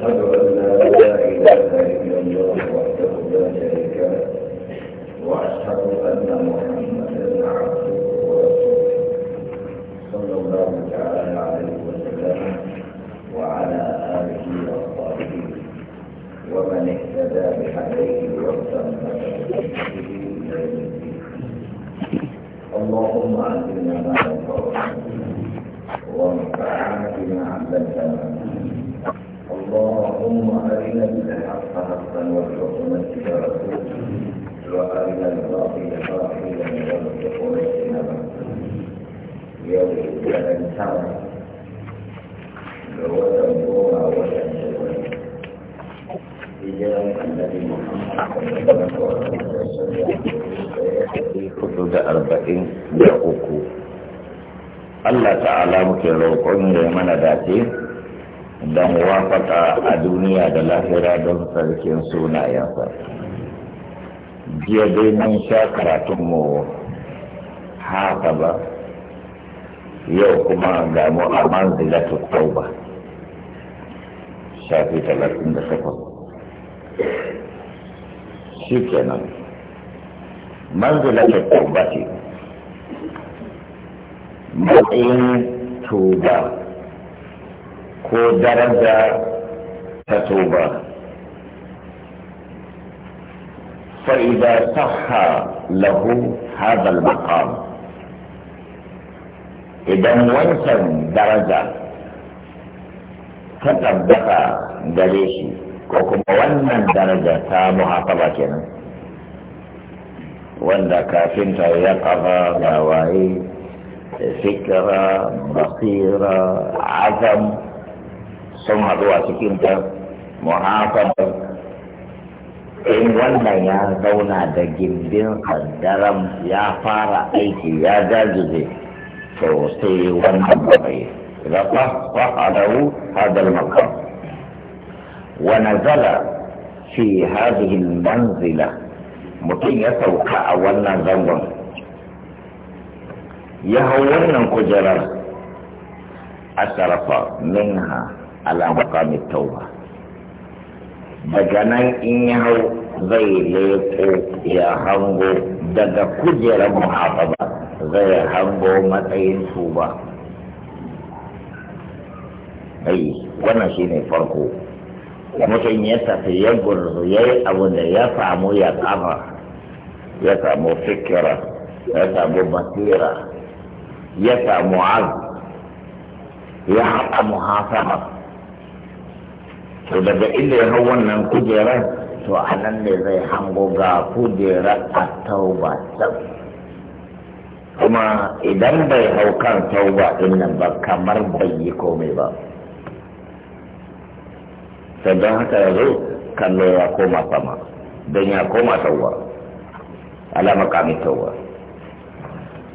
أن لا إله إلا الله وحده لا شريك له وأشهد أن محمدا عبده ورسوله صلى الله تعالى عليه وسلم وعلى آله وأصحابه ومن اهتدى بحديث العظيم da muwafaka a duniya da lahira don sarkin sunayensa jiya dai mun sha karatunmu haka ba yau kuma ga mu a manzilatu tauba shafi talatin da takwas shi kenan manzilatu tauba ce matsayin tuba ko daraja ta tuba فإذا صح له هذا المقام إذا وانسان درجة تطبق دليشي وكما وانا درجة محاطبة كنا وانا كافين يقظة دواعي فكرة بصيرة عزم sun haɗu a cikin ta muhafabar in wannan ya zauna da gindin kaddaram ya fara aiki ya jajize to sai wannan babai rafa fa'adahu hadal makam wa nazala fi hadhihi manzila mutum ya sauka a wannan zangon ya hau wannan kujerar a sharafa asarafa ha. ala muqamit tauba daga nan in ya hau zai leko ya hango daga kujerar muhafaza zai hango matsayin tuba ai wannan shine farko mutum ya tafi ya gurzu ya yi abin da ya samu ya kafa ya samu fikira ya samu basira ya samu az ya haɗa muhasaba to daga inda ya hau wannan kujerar to a nan ne zai hango ga kujerar a tauba can kuma idan bai hau kan tauba din nan ba kamar bai yi komai ba sai don haka yanzu kallo ya koma sama don ya koma tauba alama kamin tauba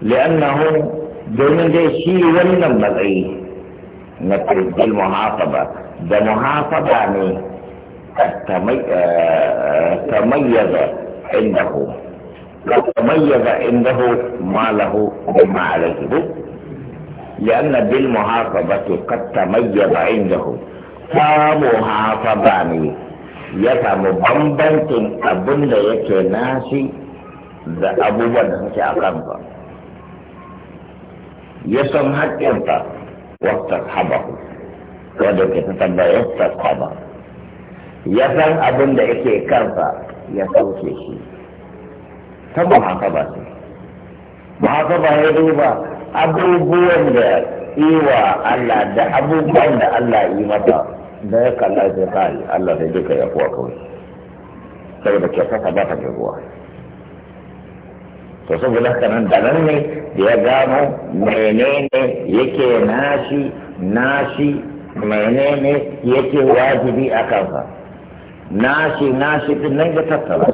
li'annahu domin dai shi wannan matsayi na turbil muhafaza da muhafada ne eh, tamayyaza indahu tamayyaza indahu ma lahu mimma alayhi ta بالمحافظة قد تميز عنده فمحافظة ne ya samu bambancin abin da yake nashi da abubuwan da suke a kansa ya san haƙƙinsa wata habahu wanda ke ta tambayar ta ba ya san abin da yake karfa ya sauke shi ta muhasaba ce muhasaba ya duba abubuwan da iwa Allah da abubuwan da Allah yi mata da ya kalla ta kai Allah da duka ya kuwa kawai saboda ke saka ba ta gaguwa to saboda haka nan da nan ne da ya gano menene yake nashi nashi menene yake wajibi a kansa nashi nashi din nan ya tattara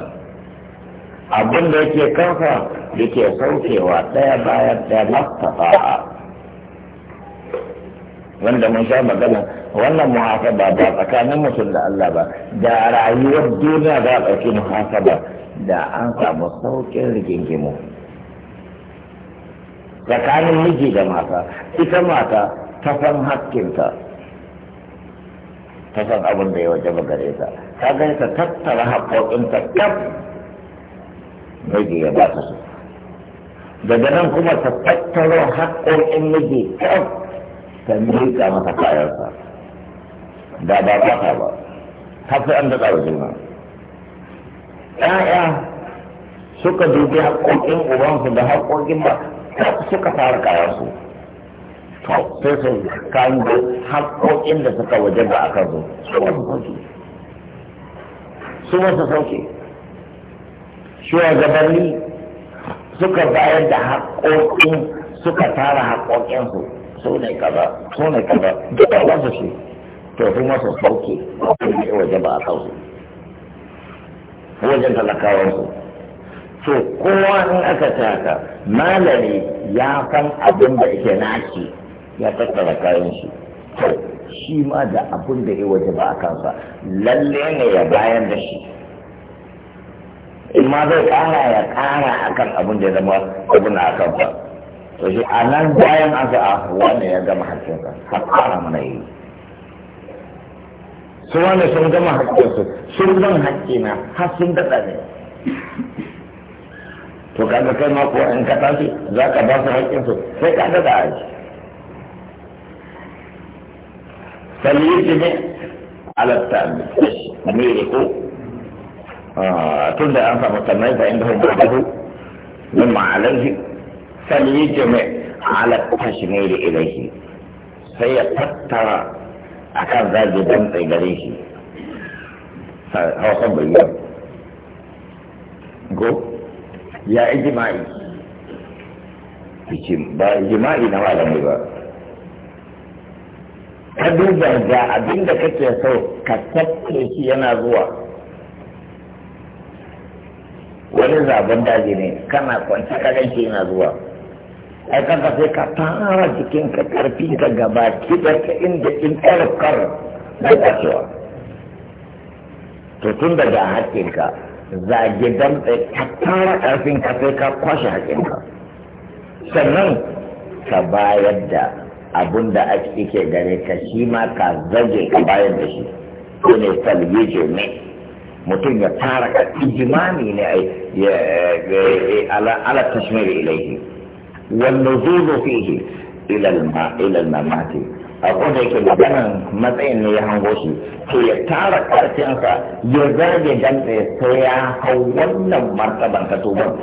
abin da yake kansa yake saukewa ɗaya bayan ɗaya mastafa'a wanda mun sha magana wannan muhasaba ba tsakanin mutum da Allah ba da rayuwar duniya za a ɗauki muhasaba da an samu sauƙin rigingimu tsakanin miji da mata ita mata ta san hakkinta ta san abin da ya waje ba gare ta ta gani ta tattara haƙoƙin ta kaf miji ya ba ta su daga nan kuma ta tattara haƙoƙin miji kaf ta miƙa mata kayansa da ba ta ba ta fi an daɗa wajen juna ‘ya'ya suka dubi haƙoƙin ubansu da haƙoƙin ba suka fara kayansu to sai sai kan da haƙoƙin da suka waje ba aka zo su wasu sauke su sauke shugabanni suka bayar da haƙoƙin suka tara haƙoƙinsu su ne kaza su ne kaza da wasu shi to su wasu sauke su waje ba a kansu wajen talakawansu to kowa in aka taka malami ya san abin da yake naci ya tattara kayan shi shi ma da abun da ya waje ba a kansa lalle ne ya bayan da shi in ma zai kara ya kara akan abun da ya zama abin a kansa to shi a nan bayan an a wane ya gama hakkinsa har kara mana yi su wane sun gama hakkinsu sun zan hakkina har sun daɗa ne to kaga kai ma ko in ka tashi za ka ba su hakkinsu sai ka daɗa aiki فليجمع على التأمين أميره تبدأ آه. أنت متميز عنده بعده مما عليه فليجمع على التشمير إليه سيتكتر أكاد ذلك دمع إليه فهو صبر اليوم go ya ijima'i ba نوالا na ka duba ga abinda kake so ka tattare shi yana zuwa wani zaben daji ne kana kwanci ka ganshi yana zuwa ai kanka sai ka fara jikin ka karfi ka gaba da ka inda in ɗaukar da kasuwa to tun daga hakkin ka zage dan ka tara karfin ka sai ka kwashe hakkin ka sannan ka bayar da abun da ake ke gare ka shi ma ka zage ka bayar da shi ko ne salwije ne mutum ya tara ka ijimami ne ala tashmir ilaihi wal nuzulu fihi ila al mamati a da yake ganin, matsayin ne ya hango shi to ya tara karfinsa ya zage dan sai ya hau wannan martaban ka tuban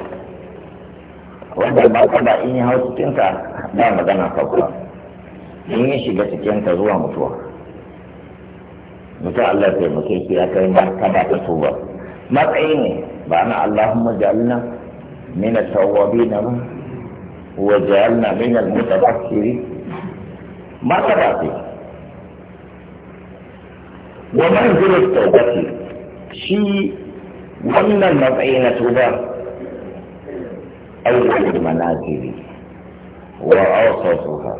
wanda martaba in ya hau cikinsa ba magana farko in ya shiga cikin ta zuwa mutuwa mutum Allah ya muke shi ya kai martaba ta tuba matsayi ne ba na Allahumma ja'alna min at na ba wa ja'alna min al-mutataffirin ba ce wa man manzilat tawbati shi wannan matsayi na tuba أول المنازل وأوصفها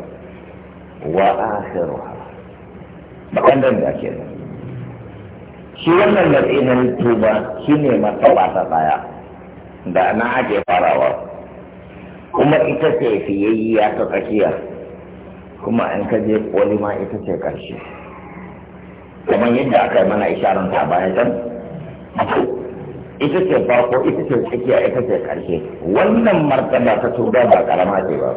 Wa وآخرها بقى ده كده shi wannan da ina tuba shi ne matsala ta tsaya da na ake farawa kuma ita ce fiyayya ta tsakiya kuma an ka je koli ma ita ce ƙarshe kamar yadda aka yi mana isharar ta baya can ita ce farko ita ce tsakiya ita ce ƙarshe wannan martaba ta tuba ba karama ce ba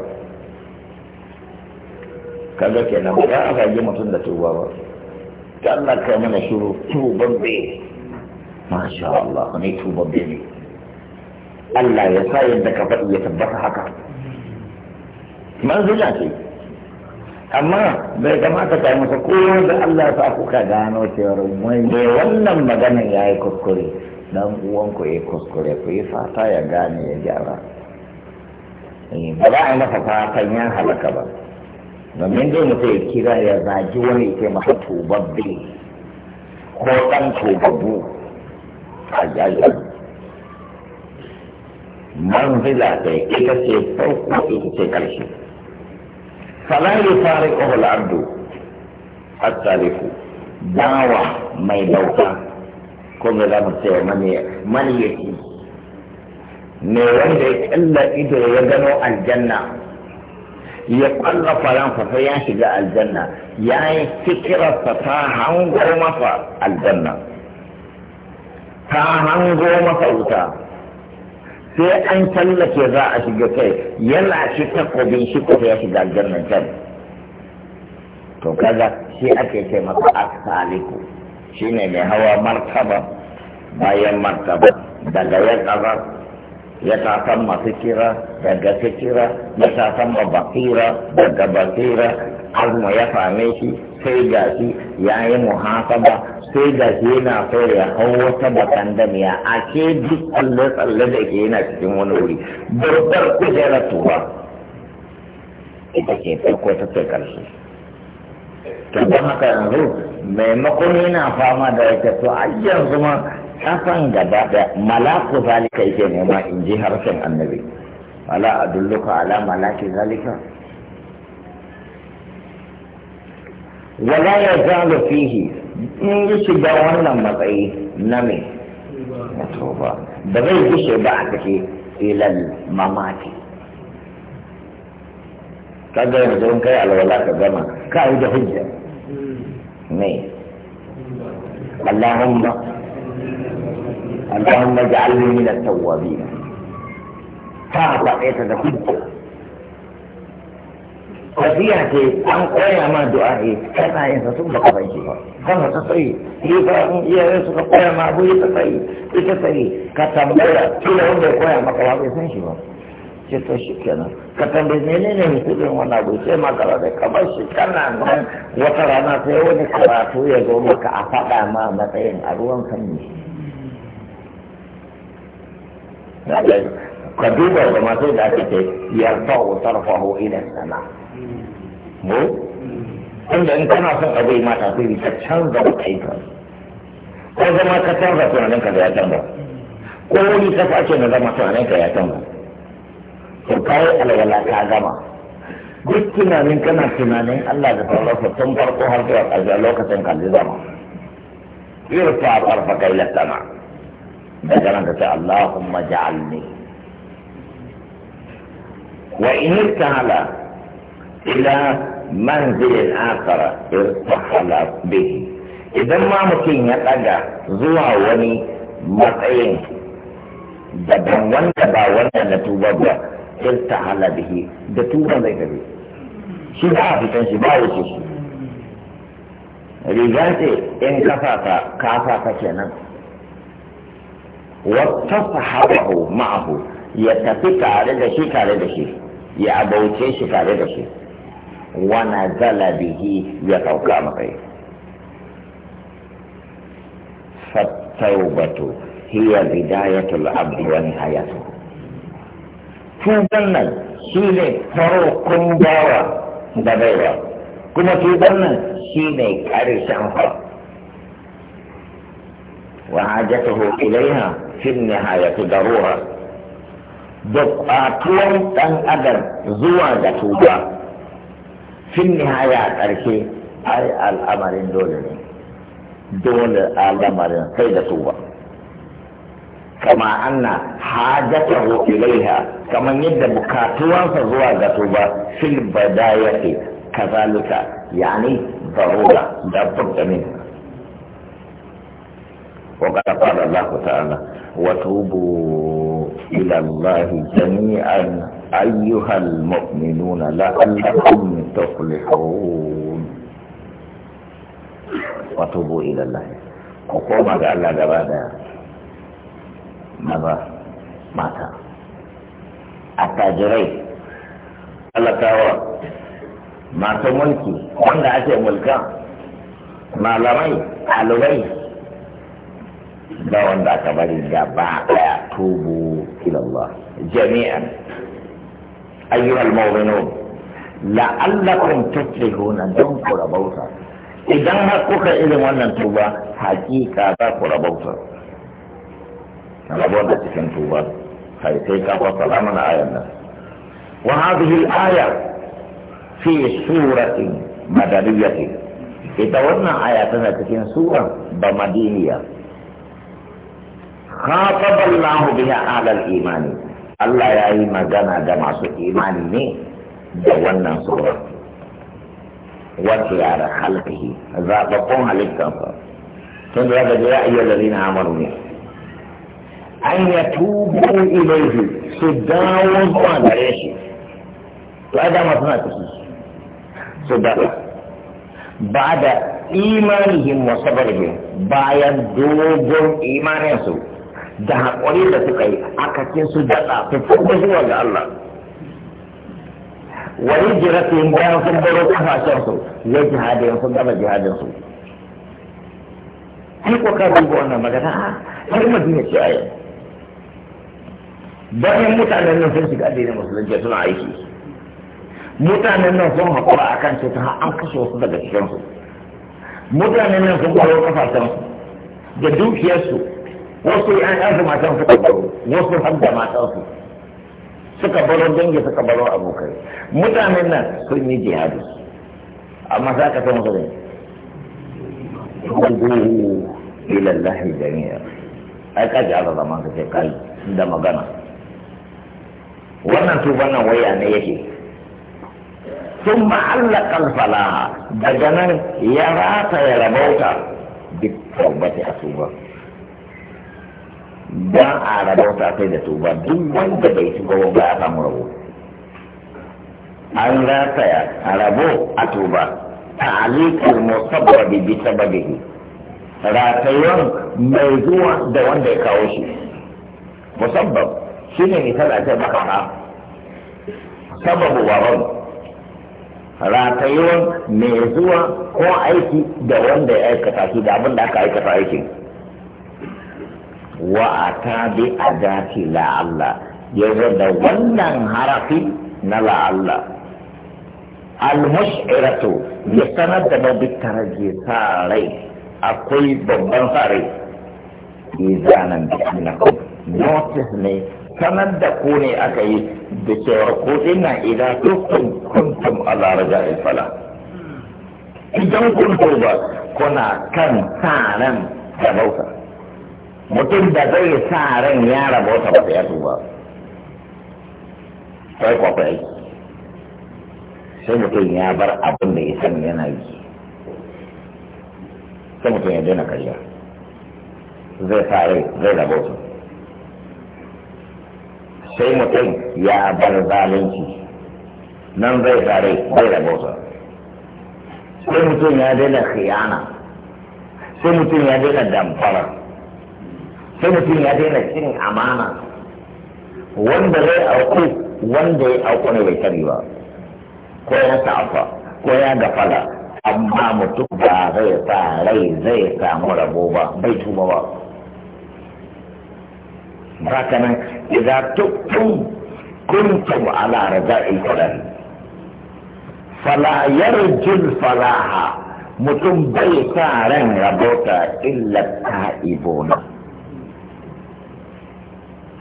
kaga kenan ba a gaji mutum da tuba ba ta Allah kai mana shiru tubabbe masha Allah ne tubabbe ne Allah ya sa yadda ka faɗi ya tabbata haka manzila ce amma bai kamata ka yi masa kowa da Allah ya sa kuka gano cewar mai wannan magana ya yi kuskure dan uwanku ya yi kuskure ku yi fata ya gane ya gyara eh, ba za a yi masa fatan ya halaka ba domin dai mutum ya kira ya zagi wani ke masa tubabbe ko ɗan tubabu a jajar manzila da ita ce farko ita ce ƙarshe falari fari ƙohol abdu a tsarifu dawa mai dauka ko mai za mu ce mani yake mai wanda ya ƙalla ido ya gano aljanna ya kwallo faransa sai ya shiga aljanna ya yi fikirarsa ta hango masa aljanna ta hango masa wuta sai an tallake za a shiga kai yana shi takobin shi kuma ya shiga aljanna can to kaga shi ake ce masa asaliku shine mai hawa martaba bayan martaba daga ya kazar matasan masu kira daga fikira ma mabakira daga basira azuma ya same shi sai ga shi ya yi muhasaba sai ga shi yana so ya hau wata bakandamiya a ke duk tsalle-tsalle da ke yana cikin wani wuri babbar kujerar tura ita ke farko ta ce karshe to don haka yanzu maimakon yana fama da yake to ai yanzu ma kafan gaba da malaku zalika yake nema in ji harshen annabi ala adulluka ala malaki zalika wala ya zalo fihi in yi shiga wannan matsayi na me na toba da zai gushe ba a take ilal mamaki kaga yanzu in kai alwala ka gama ka yi da hujja me Allahumma اللهم اجعلني من التوابين تعطى ايه تدخل tafiya ce an koya ma du'a'i kana yin sa tun baka san ta sai yi ba in iyayen suka koya ma abu yi ta sai ita ya koya maka ya san shi ba shi kenan ka tambaye ne hukumin wannan abu sai ma da kamar shi kana nan wata rana sai wani karatu ya zo maka a faɗa ma matsayin a ruwan kan ne ka duba da da aka ce yarfa wa sarfa ho ila sana mu inda in kana son canza da kai ka ko zama ka canza tunanin ka da ya canza ko wani ka na zama tunanin gama duk tunanin kana tunanin Allah da farko tun farko har zuwa ƙarshe lokacin kalli zama irfa arfa kai lasana da karanta ta Allahumma ja'alni wa in ittahala ila manzilin akara irtahala bihi idan ma mutum ya ɗaga zuwa wani matsayin daban wanda ba wanda na tuba ba irtahala bihi da tuban zai tafi shi za a fitan shi ba wuce shi riga ce in kafa ka kafa ka kenan واتصحبه معه يتفك على ذا شيء على ذا شيء يعبو تشيك على ذا شيء ونزل به يتوقع مقيه فالتوبة هي بداية العبد ونهايته في ظن شيني فرق دارا دبيرا كما في ظن شيني كارشا وحاجته إليها في النهاية ضرورة دب بقاتون أن أدر زوى جتوبا في النهاية أركي أي الأمرين دولني دول الأمرين سيد توبة كما أن حاجته إليها كما يد بكاتوان فزوى جتوبا في البداية كذلك يعني ضرورة لابد منها وقد قال الله تعالى وتوبوا إلى الله جميعا أيها المؤمنون لعلكم تفلحون وتوبوا إلى الله وقوم على الله جبادا ماذا مات التاجرين Allah tawa masu mulki wanda ملكا ما malamai ɗalibai ba wanda aka bari gaba daya tubu ilallah jami'an ayyuhal mu'minun la'allakum tuflihuna don ku rabauta idan har kuka irin wannan tuba hakika za ku rabauta da cikin tuba kai sai ka salama na ayan nan wa hadhihi al-aya fi suratin madaniyatin ita wannan aya tana cikin sura ba madaniya khataballahu biha alal imani Allah ya yi magana da masu imani ne da wannan sura wata yara halkihi zaɓaɓɓun halittansa tun da zaka je ya iya lalina amaru ne an ya tubu ilaihi su dawo zuwa gare shi to ai dama ba da imanihim wa sabarihim bayan dogon imaninsu da haƙuri da suka yi akakin su daɗa su fuka zuwa ga Allah wani jirafin bayan sun baro kafashen su ya jihadin sun gama jihadin su Ai ko ka duba wannan magana a har madina ce a yau bayan mutanen nan sun shiga addinin musulunci suna aiki mutanen nan sun haƙura a kan cuta an kashe wasu daga cikinsu mutanen nan sun baro kafashen su da dukiyarsu wasu ‘ya'yansu matan suka baro wasu har da matansu suka baro dangi suka baro abokai mutanen nan sun yi jihadi amma za ka san musulmi hudu ilallahi jami'a ai ka ji Allah zaman ka ce kai da magana wannan tuban nan waya ne yake sun ma'allaka alfalaha daga nan ya rata ya rabauta duk tabbata a tuban dan a ta kai da tuba duk wanda bai tuba ba ya samu rabo an rataya a rabo a tuba ta'alikul musabbabi bi sababihi ratayon mai zuwa da wanda ya kawo shi musabba shi ne misali ce baka ha sababu waron ratayon mai zuwa ko aiki da wanda ya aikata shi da abin da aka aikata aikin wa ya wannan وأتى بأداة لعل يزد ولن حرفي نلعل المشعرة يستند بالترجي صاري أقوي ببن صاري إذانا بأنكم نوتسني sanar da ku ne aka yi da cewa ko ina ila tukun kuntum ala raja fala idan kun ba kuna kan sa ran da bauta mutum da zai sa ran ya rabota ba ya duba sai kwakwai sai mutum ya bar abin da ya san yana yi sai mutum ya daina karya zai sa rai zai rabota sai mutum ya bar zalunci nan zai sa rai zai rabota sai mutum ya daina khiyana sai mutum ya daina damfara sai mutum ya daina cin amana wanda zai auku wanda ya auku ne bai sani ba ko ya ta'afa ko ya gafala amma mutum ba zai sa rai zai samu rabo ba bai tuba ba haka nan idan tukun kuntum ala raja'il qalbi fala yarjul falaha mutum bai sa ran rabota illa ta'ibuna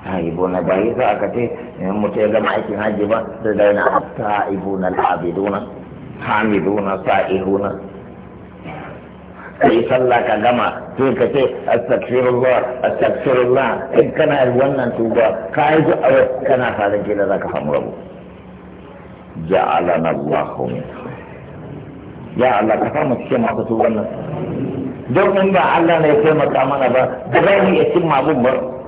ta'ibuna na ba'i za aka ce in mutu ya gama aikin haji ba sai da yana ta'ibuna al'abiduna hamiduna sa'ihuna kai sallah ka gama to ka ce astaghfirullah astaghfirullah in eh, kana wannan tuba ka yi du'a oh, kana fadin kila zaka samu rabu ja'alana Allahu minhu ya Allah ka samu cikin masu su wannan don in ba Allah ne ya taimaka mana ba da za mu iya cin abun ba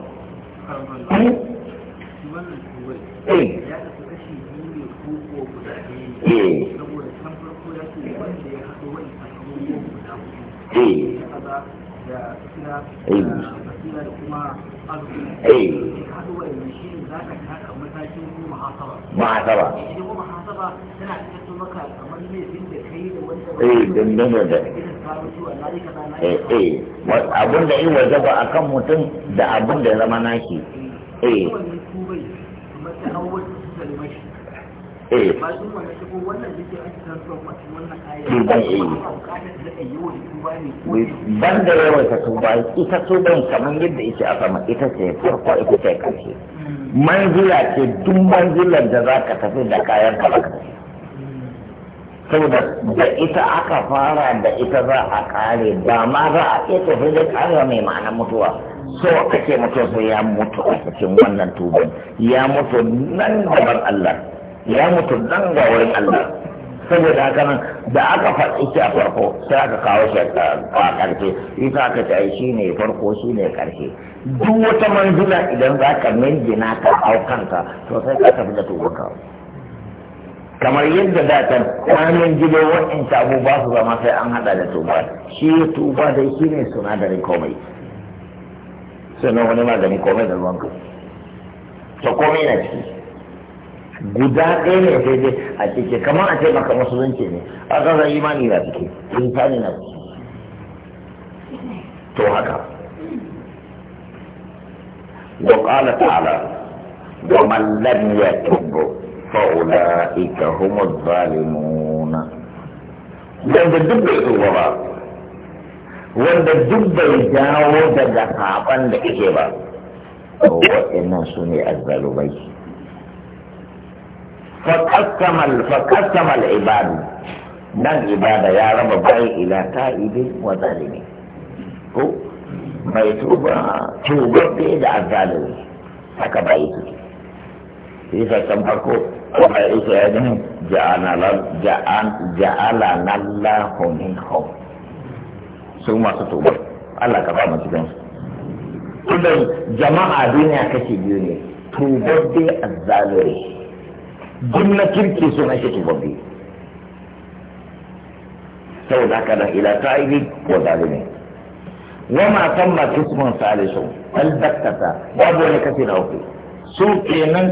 Mahasaba. Eh, dangane eh, da yi wajaba a mutum da abun da ya zama nashi. eh, eh. ban da yawan ta tuba ita tuban kamar yadda ita a sama ita ce farko ita ce karshe manzila ce duk manzilar da za ka tafi da kayan ka baka saboda da ita aka fara da ita za a kare ba ma za a iya tafi da karewa mai ma'anar mutuwa so ce mutum sai ya mutu a cikin wannan tuban ya mutu nan gaban Allah ya mutu nan ga wurin Allah saboda haka nan da aka faɗi shi a farko sai aka kawo shi a ƙarshe ita aka ce shi ne farko shi ne ƙarshe duk wata manzila idan za ka minjina ka hau kanka to sai ka tafi da tubanka kamar yadda da ta kwanan gido wa'in abu ba su zama sai an hada da tuba shi tuba dai shi ne sunadarin komai sannan wani magani komai da ruwanka to komai na ciki guda ɗaya ne sai dai a ciki kamar a ce maka musulunci ne a ƙasar imani na ciki insani na ciki to haka وقال تعالى ومن لم يتب فأولئك هم الظالمون. لأن dubbe هو wanda duk bai dawo daga haɓan da ake ba waɗannan su ne azzalumai fakasamal ibadu nan ibada ya raba bayan ila ta'ibi wa zalimi ko mai tuba tubabbe da azzalumi haka bayi suke isa can farko kuma isa ya ja'ala ja'alana Allahu minhum su masu tuba Allah ka ba cikin su tunda jama'a duniya kake biyu ne tubabbe a duk na kirki suna shi tubabbe sau da da ila ta k'o zalore wa zalimi wama tamma kismun salisu albattata babu ne kashi na uku su kenan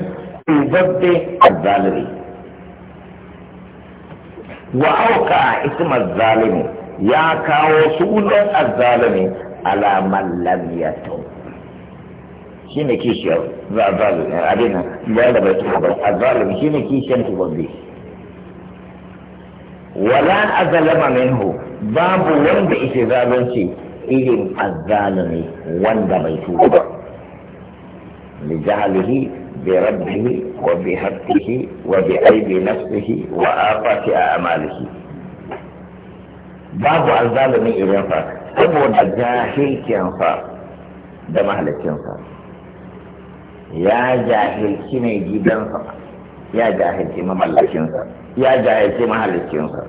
tubabbe zalore wa auka ismar zalimi ya kawo sunan azzalimi ala man lam yatub shine kishiyar za a zalimi abin da da bai tuba ba azzalimi shine kishiyar tubabbe wala azalama minhu babu wanda yake zalunci irin azzalimi wanda bai tuba ba لجهله بربه وبحقه وبعيب نفسه وآفة amalihi babu irin irinsa saboda jahilcinsa da mahalicinsa ya jahilci mai gidansa ya jahilci mamallakinsa ya jahilci mahalicinsa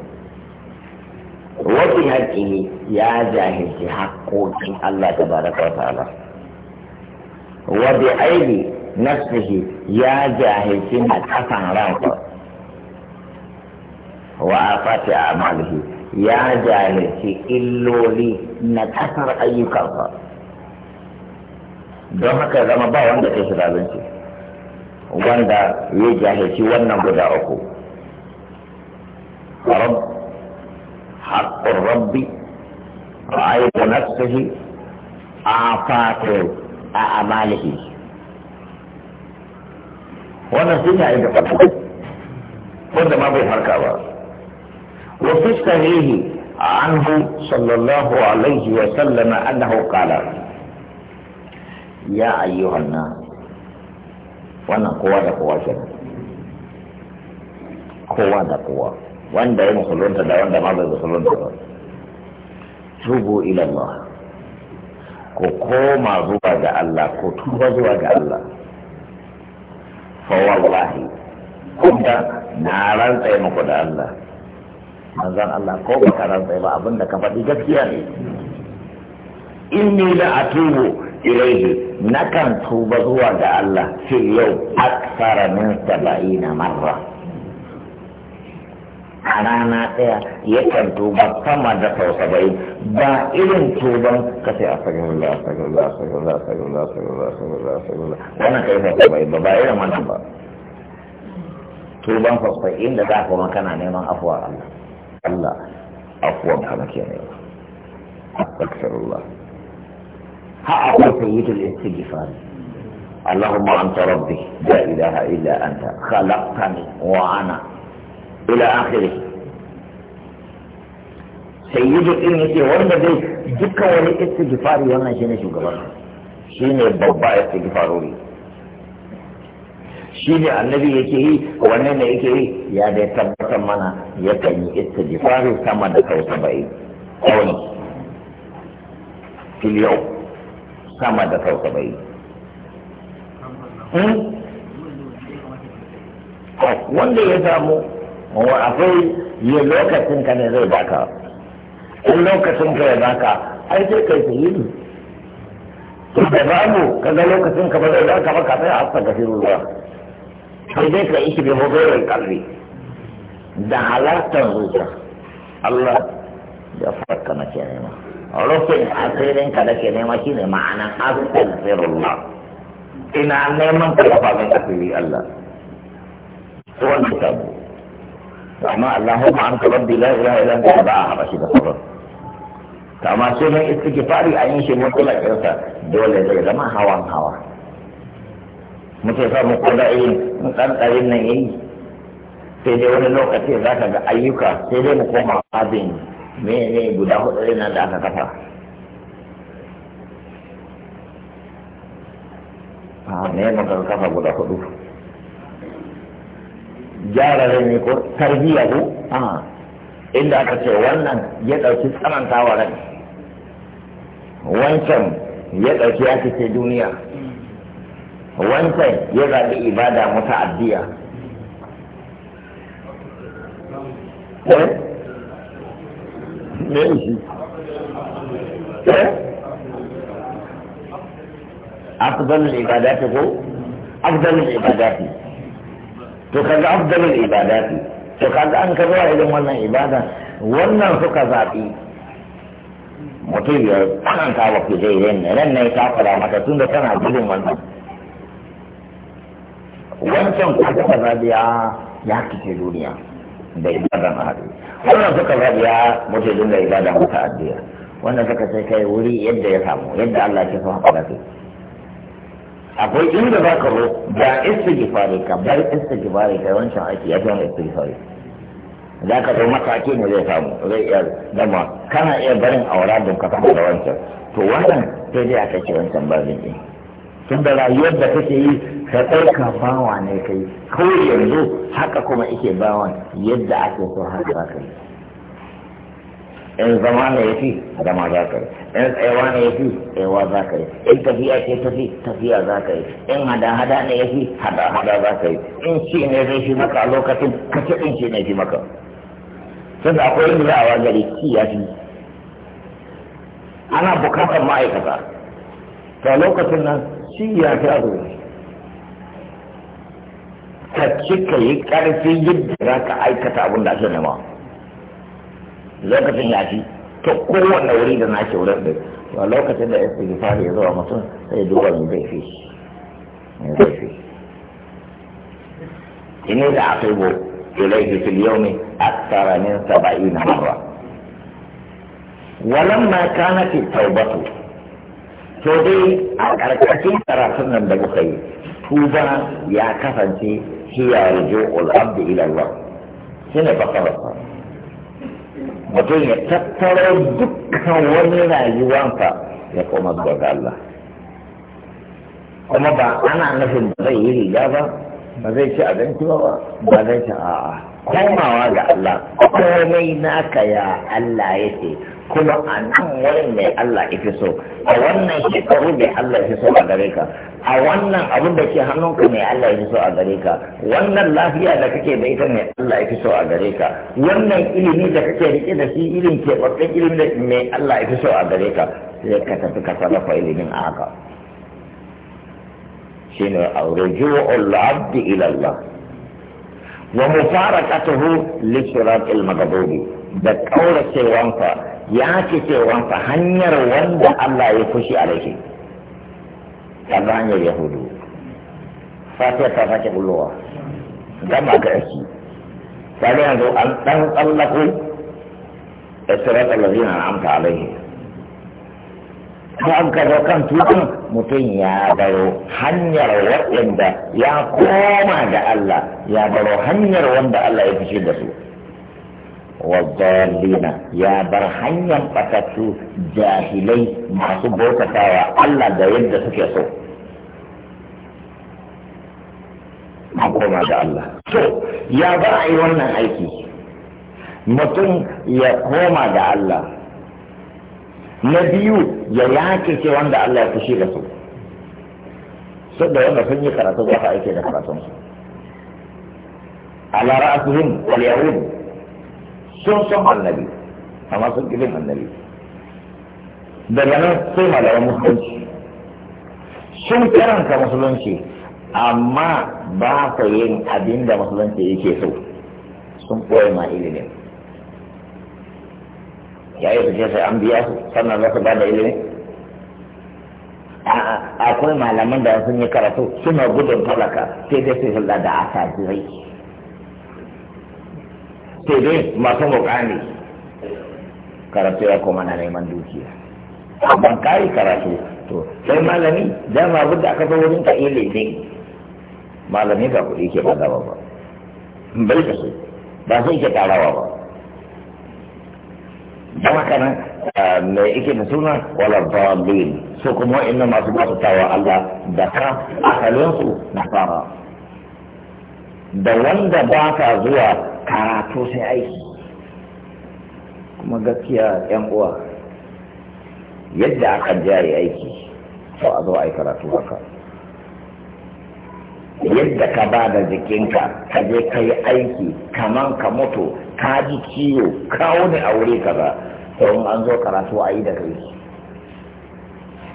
wasu haƙi ya jahilci haƙoƙin Allah ta baraka ta'ala wa bi aibi nafsihi ya jahilci na kasan ransa wa a afati amalihi ya jahilci illoli na kasar ayyukansa don haka zama ba wanda ke shi zalunci wanda ya jahilci wannan guda uku rabbi رب da الرب a fatu a amalihi wannan sun yi da wanda ma bai farka ba وفي الصحيح عنه صلى الله عليه وسلم أنه قال يا أيها الناس وانا قوة قوة شنو kowa da kowa wanda ya musulunta da wanda ma bai musulunta ba tubu ko koma zuwa ga Allah ko tuba zuwa ga Allah fa wallahi kuma na rantsa muku da Allah manzan Allah ko ba ka rantsa ba abin da ka faɗi gaskiya ne inni la atubu ilayhi nakan tuba zuwa ga Allah sai yau aksara min sab'ina marra a rana ɗaya yakan tuba sama da sau saba'in ba irin tuban ka sai a sagin a sagin Allah sagin a sagin a sagin Allah sagin a sagin da. wannan kai sau saba'in ba ba irin wannan ba tuban sau inda da za ka kuma kana neman afuwa Allah الله Allah afuwan يا ne akbar Allah ha akwai سيد istighfar اللهم انت ربي لا اله الا انت خلقتني وانا الى اخره سيد الدين يجي وانا دي جكا وانا استغفاري وانا شيني شو قبر شيني بابا استغفاروني shi ne annabi yake yi wanne ne yake yi ya dai tabbatar mana ya kan yi istighfari sama da ta bai. kawai fil yau sama da sau saba'in hmm? wanda ya samu akwai ya lokacin ka ne zai baka in lokacin ka ya baka ai sai kai ne to da babu kaga lokacin ka ba zai baka ba ka sai a asa gafirullah sai dai ka ishi shi da mabarar kalbi da halartar zuciya Allah ya farka na ke nema rufin asirin ka da ke nema shi ne ma'anan astaghfirullah ina neman ka dafa min asiri Allah wannan sabu amma Allahumma anta rabbi la ilaha illa anta ba a haɓa shi da sauran kama sunan istighfari an yi shi mutlaqinsa dole zai zama hawan hawa muke sa koda irin ɗan ɗarin nan yayi sai dai wani lokaci za ka ga ayyuka sai dai mu koma abin mene guda hudu nan da aka kafa a ne maka kafa guda hudu gyara ne ko tarbiyya ko a inda aka ce wannan ya ɗauki tsanantawa rai wancan ya ɗauki ya ce duniya wancan ya zaɓi ibada mata addiya eh? me shi eh? afdalul ibadati ko afdalul ibadati to kaga afdalul ibadati to kaga an ka zuwa idan wannan ibada wannan suka zaɓi mutum ya kwananta wa fijayen ran ne ta fara mata tun da tana gudun wannan wancan kwata ta zabiya ya kice duniya da ibadan ahadu wannan suka zabiya mutu dinga ibada mutu addiya wannan suka sai kai wuri yadda ya samu yadda Allah ke sama haka zafi akwai inda za ka zo da gifare, ka bar gifare kai wancan aiki ya fi wani istighfari za ka zo mataki ne zai samu zai iya dama kana iya barin aura don ka samu da wancan to wannan sai dai aka ce wancan babin ɗin. tun da rayuwar da kake yi ka ɗauka bawa ne kai kawai yanzu haka kuma ike bawan yadda ake so haka za ka yi in zama ne ya fi zama za ka yi in tsayawa ne ya fi tsayawa za ka yi in tafiya ce tafi tafiya za ka yi in hada-hada ne ya fi hada-hada za ka yi in shi ne zai shi maka a lokacin kashe in shi ne shi maka sun da akwai inda za'awa gari wagari ya fi ana bukatar ma'aikata to lokacin nan shi ya fi a zuwa ka ci ka yi ƙarfi yadda za ka aikata abin da ake nema lokacin ya ta kowane wuri da nake wurin da a lokacin da istighfar ya zuwa mutum sai duba mai zai fi mai zai fi ini da a ilayhi fil yawmi akthara min 70 marra walamma kanat ke taubatu to dai a karkashin karatun nan da muka yi tuba ya kasance هي رجوع الحمد الى الله هنا بقرة مطلع تترى دكا ومنا يوانفا يقوم الدرد الله وما انا نفهم غير الاجابة ما ذيش ادنك بابا ما ذيش اه هما آه. وقع الله قومينا كيا الله يتيك kuma a nan wurin mai Allah ita so a wannan shekaru mai Allah ita so a gare ka a wannan abin da ke hannunka mai Allah ita so a gare ka wannan lafiya da kake da ita mai Allah ita so a gare ka wannan ilimi da kake rike da shi irin keɓaɓɓen ilimi da mai Allah ita so a gare ka sai ka tafi ka sarrafa ilimin a haka shine ruju'ul abdi ila Allah wa mufaraqatuhu li siratil maghdubi da kaurace wanka ya ce cewa ta hanyar wanda Allah ya fushi a rashi ta hanyar yahudu fatiyar ta sake bullowa gama ga yaki ta yanzu an ɗan tsallako na amta a rashi ba ka zo kan tutun mutum ya baro hanyar waɗanda ya koma da Allah ya baro hanyar wanda Allah ya fushi da su ya bar hanyar فتتو jahilai masu bautatawa Allah da yadda suke so a koma da Allah to ya ba a yi wannan aiki mutum ya koma da Allah na biyu ya yake ce wanda Allah ya fushi da su su da wanda sun yi karatu ba ka aiki da karatunsu A lara wal yahud sun san annabi amma sun ƙi annabi daga nan sai malaman musulunci sun karanta musulunci amma ba sa yin abin da musulunci yake so sun koya ma ilimin Ya yi suke sai an biya su sannan za su ba da ilimin akwai malaman da sun yi karatu suna gudun talaka sai dai sai hulɗa da zai sai dai masu mukami karatu ya kuma na neman dukiya ban kai karatu to sai malami dama ma da aka zo wurin ka ilimin malami ka kuɗi ke ba ba bai ka so ba sai ke karawa ba don haka mai ike da suna wala dalil so kuma wa'annan masu basu tawa Allah da ka asalinsu na fara da wanda ba ka zuwa karatu sai aiki kuma gaskiya yan uwa yadda aka jaye aiki to a zo a yi karatu haka yadda ka ba da jikinka ka je ka yi aiki kaman ka mutu ka ji ciwo ka ne a wuri kaza to in an zo karatu a yi da kai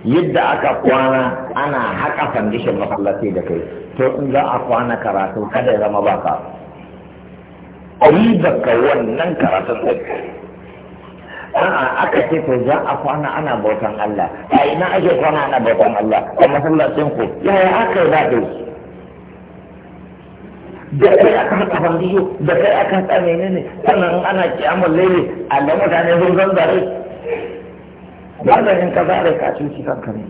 yadda aka kwana ana haƙa fandishin masallaci da kai to in za a kwana karatu kada ya zama baka ribar ka wannan karatun da a'a aka ce to za a kwana ana bautan Allah a ina ake kwana ana bautan Allah a masallacin ku yaya aka yi zaɓe da kai aka haɗa bandiyo da kai aka haɗa menene sannan ana kiyamun laili a da mutane sun zanzare ba da yin ka da ka cuci kanka ne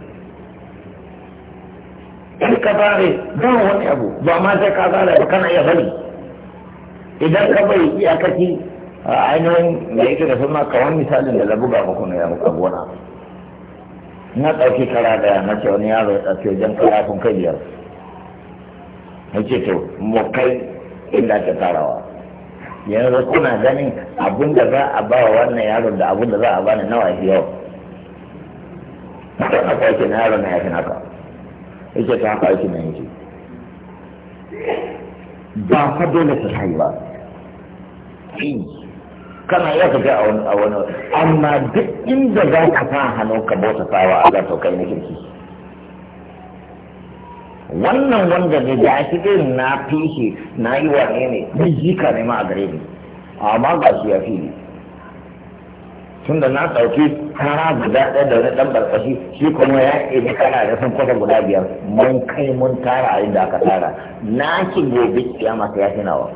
in ka zare ba wani abu ba ma sai ka zare ba kana iya bari. idan ka bai iyakaci a ainihin da yake da suna kawai misalin da labu ba muku na ya muka gona na ɗauki kara da na ce wani yaro ya ɗauki wajen karafin kai biyar na ce to mu kai inda ta tarawa yanzu kuna ganin abin da za a ba wa wannan yaron da abin da za a bani nawa yau na kwace na yaron na ya naka yake ta haka aiki na yake ba ka dole ka sai ba kana iya ka a wani amma duk inda za ka sa hannu ka bauta sawa a ga kai na kirki wannan wanda ne da shi ɗin na fi shi na yi wane ne mai jika ne ma a gare ni amma ga shi ya fi tunda na ɗauki kara guda ɗaya da wani ɗan barkashi shi kuma ya ɗebi kana da san kwata guda biyar mun kai mun tara a inda aka tara na ki gobe kiyama ta yafi nawa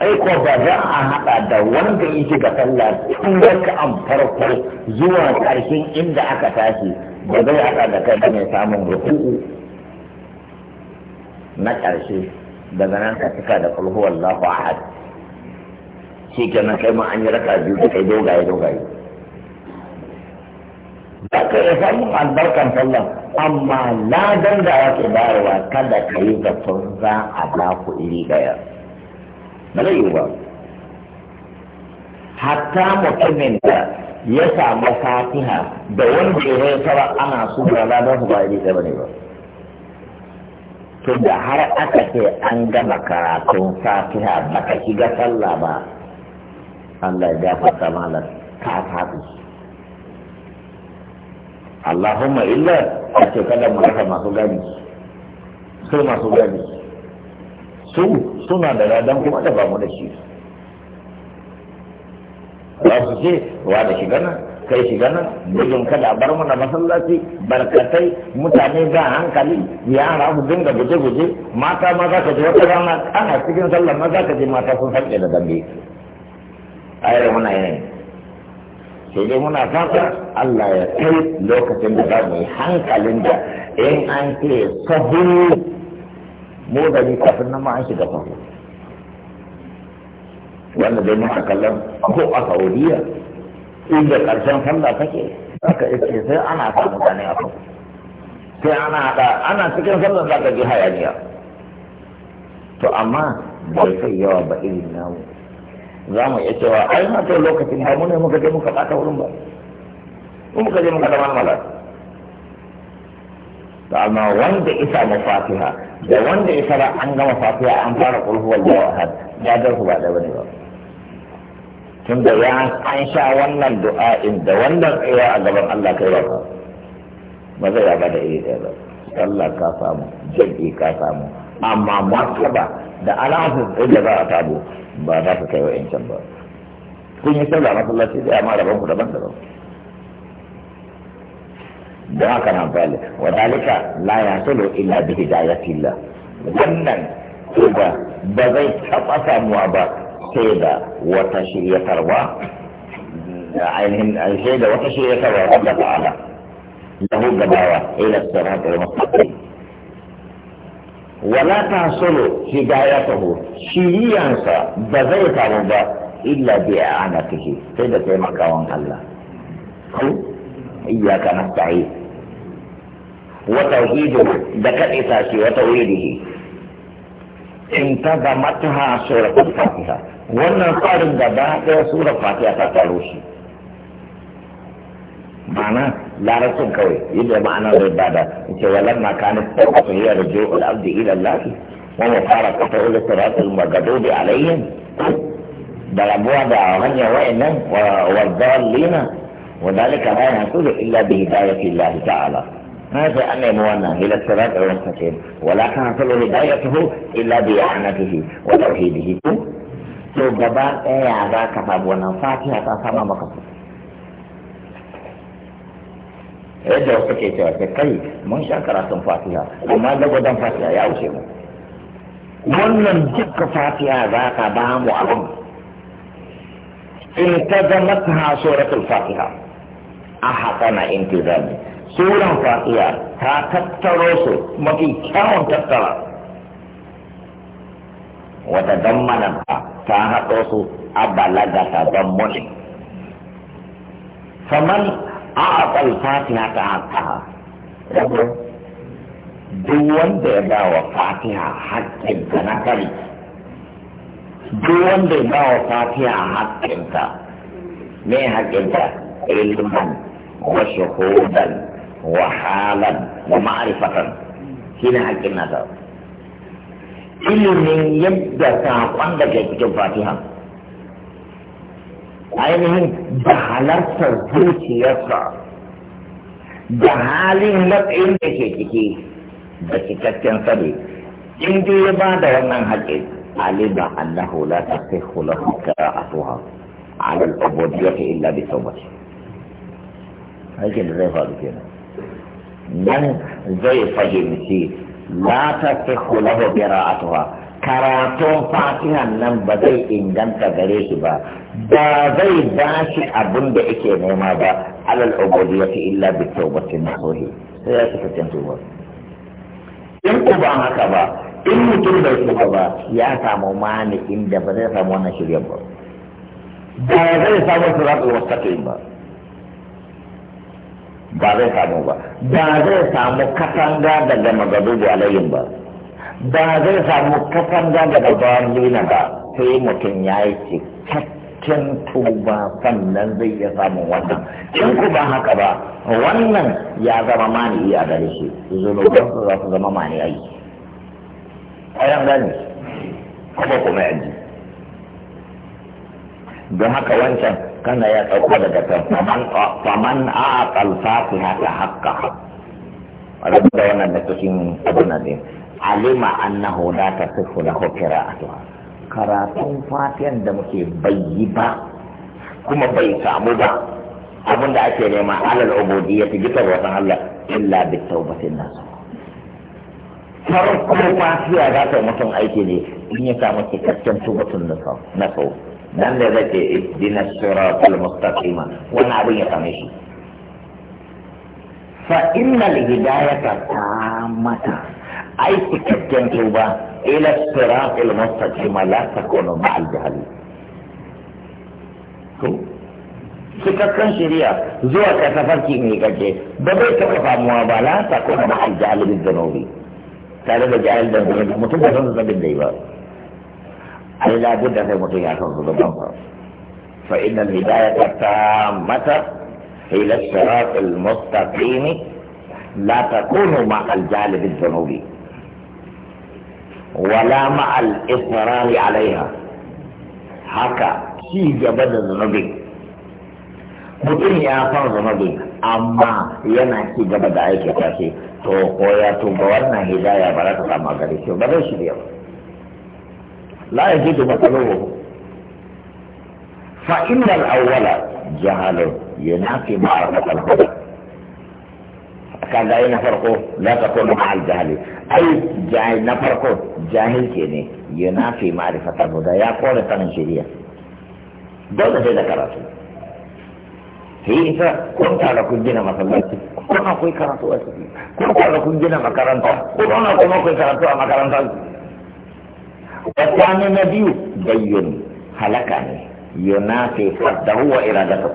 ai ko ba za a haɗa da wanda yake ga sallah tun ka an farko zuwa ƙarshen inda aka tashi ba zai haɗa da kai da mai samun ruku'u na ƙarshe daga nan ka cika da kulhu ahad shi kenan kai ma an yi raka biyu da kai dogaye dogaye ba ka yi samun albarkan sallah amma na ganga ya ke bayarwa kada ka yi zaton za a ba ku iri daya ba zai yi ba hatta mutumin da ya samu fatiha da wanda ya zai fara ana su ba ladan su ba iri daya ba ne ba tunda har aka ce an gama karatun fatiha baka shiga sallah ba Allah ya gafarta malar ta faɗi Allahumma illa a ce kada mu rasa masu gani su masu gani su suna da ladan kuma da ba mu da shi ba su ce wa da shiga nan kai shiga nan bugun kada a bar mana masallaci barkatai mutane ba hankali ya yara ku dinga guje-guje mata ma za ka je wata rana ana cikin sallar ma za ka je mata sun sarƙe da dambe ayar muna yanayi sai dai muna fata Allah ya kai lokacin da za mu yi hankalin da in an ce sabu mu da ni kafin nan ma an shiga sahu wanda dai muka kallon ko a Saudiya inda karshen sallah kake haka ce sai ana sa mutane a sahu sai ana haɗa ana cikin sallah za ka ji hayaniya to amma bai kai yawa ba irin namu za mu iya cewa ai na ta lokacin har mu ne muka je muka bata wurin ba mu muka je muka da malmala to amma wanda isa mu fatiha da wanda isa da an gama fatiha an fara kulhu wal jawahar ya dar ku ba da bane ba tun da ya an sha wannan du'a'in da wannan tsaya a gaban Allah kai ba ba zai ya bada iri ɗaya ba Allah ka samu jami'i ka samu amma martaba da alamun da za a tabo ba za ka kai wa'incan ba kun yi sallah masallaci sai amma rabon ku daban daban don haka na bali wa dalika la ya sulu illa bi hidayatillah wannan kuma ba zai taɓa samuwa ba sai da wata shiryatarwa ainihin sai da wata shiryatarwa wanda ta'ala lahu gabawa ila sirata al-mustaqim wala ta solo hidayatahu shiriyansa ba zai samu ba illa bi anatihi sai da taimakawan Allah ko iyyaka nasta'in wa tawhidu da ta shi wa tawhidihi in ta zama ta sura fatiha wannan tsarin ba ɗaya sura fatiha ta taro shi معنى لا رسم قوي يبقى معنى العبادة انت ولما كانت التوبة هي رجوع العبد إلى الله تقول لصراط المغضوب عليهم ضربوها بعمل وإنهم والضالين وذلك لا يحصل إلا بهداية الله تعالى هذا أن يمونا إلى الصراط المستقيم ولا تحصل هدايته إلا بإعانته وتوحيده تو gaba ɗaya za ka samu wannan fatiha yadda wasu ke cewa sai kai mun sha karatun fatiha amma lagwadon fatiha ya wuce mu wannan duka fatiha za ka ba mu abin in ta zama ta suratul fatiha a haka na intizami suran fatiha ta tattaro su mafi kyawun tattara wata zammana ta haɗo su a balaga ta zammunin saman. أعطى ta حقها duk wanda ya ba wa fatiha haƙƙinta na kari duk wanda ya ba wa fatiha haƙƙinta me haƙƙinta ilman wa shuhudan wa halan wa ma'arifatan shi ne haƙƙin nata ilimin yadda saƙon da ke cikin fatiha ainihin da halartar zuciyarsa da halin latsayin da ke ciki da cikakken sani in dai ya ba da wannan haƙƙi alima annahu la tasihu lahu qira'atuha ala al-ubudiyyati illa bi tawbati haƙƙin da zai faru kenan nan zai fahimci la tasihu lahu qira'atuha karatun fatihan nan ba zai inganta gare shi ba ba zai ba shi abin da yake nema ba alal ubudiyyati illa bi tawbatin nasuhi sai ya tafi cin tuba in ko ba haka ba in mutum bai tuba ba ya samu mani inda ba zai samu wannan shirya ba ba zai samu siratul mustaqim ba ba zai samu ba ba zai samu katanga daga magadubu alayhim ba ba zai samu katanga daga bayan lina ba sai mutum ya yi cikakken tuba sannan zai iya samun wannan in ku ba haka ba wannan ya zama mani a gare shi zunuban su za su zama mani ai ayan gani kuma kuma yanzu don haka wancan kana ya ɗauko daga can faman a ƙalfa ta haka haka a da wannan da cikin abin nan alima annahu la tasihhu lahu qira'atuha karatun fatiyan da muke bayyi ba kuma bai samu ba abin da ake nema alal ubudiyya ta gitar wasan Allah illa bi taubatin nas farko fatiya za ta mutum aiki ne in ya samu cikakken tubatun nasau nan da zake ce ihdina siratal mustaqima wannan abin ya same shi fa innal hidayata ta mata ai cikakken tuba ila siratil mustaqim la takunu ma'al jahili to cikakken shari'a zuwa ka tafarki mai gaje ba zai taɓa famuwa ba la takunu ma'al jahili bil dunubi tare da jahil da zunubi mutum da san zubin da yi ba ai labudda sai mutum ya san zunuban ba fa innal hidayata tammata إلى الصراط المستقيم لا تكون مع الجالب الذنوبي wala ma'al israri alaiha haka ci gaba da zunubin mutum ya fara zunubi amma yana ci gaba da aiki tashi to ko ya tuba wannan hidaya ba za ta samu gare shi ba zai shirya ba la ya jidu matsaluhu fa innal awwala jahalu yunafi ma'arfatal huda kaga ai na farko la takunu ma'al jahili ai jahil na farko jahilci ne yunafi ma'rifatar huda ya kore sanin shari'a dole sai da karatu sai isa kun tara kun gina masallaci ko na kun karatu a ciki kun tara kun gina makaranta ko na kuma kun karatu a makaranta wata na biyu bayyun halaka ne yunafi fadda huwa iradatu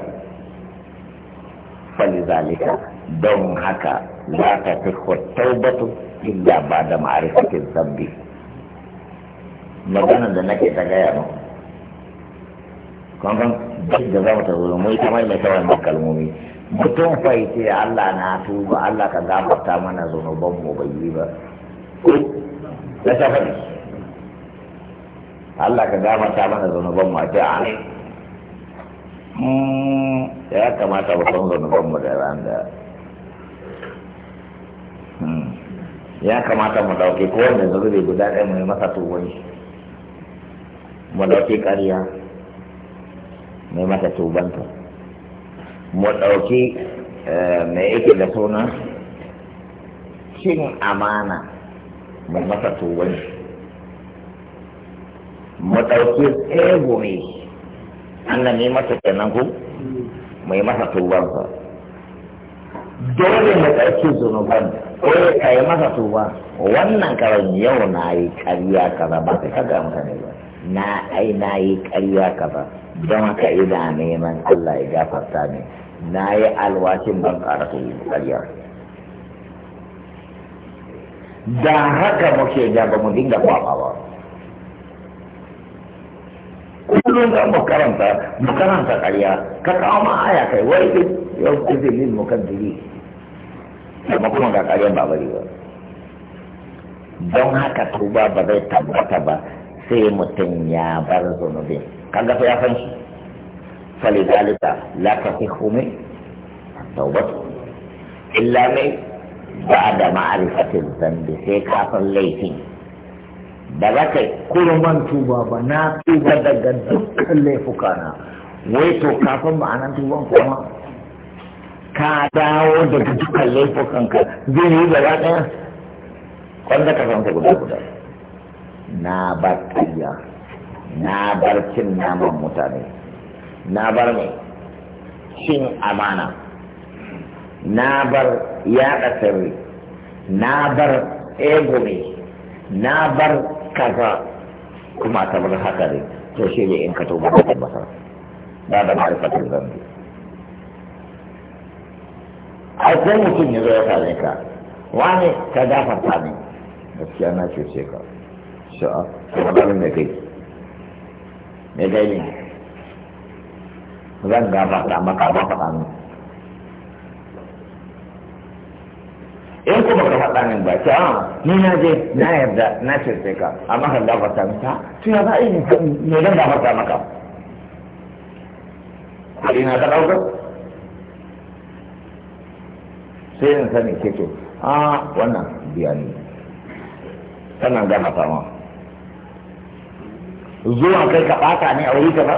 falizalika don haka za ta fi taubatu illa ba da ma'arifatin zambi maganar da nake ta gaya mu kwanfan duk da mu ta zuwa mu ita mai mai sauran kalmomi mutum fai ce Allah na tuba Allah ka gafarta mana zunuban mu bai yi ba da safari Allah ka gafarta mana zunuban mu a ce an hmm, ya kamata mu san zunuban mu da ran da Hmm. ya kamata mu dauke ko wanda zurbe guda ɗaya mai masa tubai mu dauke ƙarya mai masa tubanta mu dauke eh, mai yake da suna cin amana mai masa tubai mu dauki tsegumi an na mai masa kenan ku mai masa tubanta dole ne da ake zunuban ko ya kai masa tuba wannan karan yau na yi ƙarya kaza ba sai ga mutane ba na ai na yi ƙarya kaza don haka ina neman Allah ya gafarta ne na yi alwashin ban ƙara ta yi ƙarya da haka muke ga ba mu dinga kwaba ba kullum da mu karanta mu karanta ƙarya ka kawo ma aya kai wai yau kuzi lil mukaddiri amma kuma ga kare ba bari ba don haka tuba ba zai tabbata ba sai mutum ya bar zunubin kaga fa ya san shi dalika la tasihu min tawbatu illa mai ba da ma'arifatin zambi sai san laifin ba za ka kurman tuba ba na tuba daga dukkan laifuka na wai to kafin ma'anan tuban kuma ka dawo daga dukkan ka zai yi gaba ɗaya wanda ka san guda guda na bar ƙarya na bar cin naman mutane na bar mai cin amana na bar yaɗa sirri na bar ne na bar kaza kuma ta bar haka ne to shi ne in ka tuba da masara. ba da ma'aikatar zambi ai ko mutum ya zo ya same ka wani ka gafarta ne gaskiya na cuce ka sha'a kuma ba mai kai me kai ne zan gafarta maka ba faɗa min in kuma ka faɗa min ba ce a ni na je na yarda na cuce ka amma ka gafarta min ta to ya za a yi ne zan gafarta maka kuɗi na ta ɗaukar sai yin sani ke to a wannan biya ne sannan gana fama zuwa kai ka ɓata ne a wuri ka ba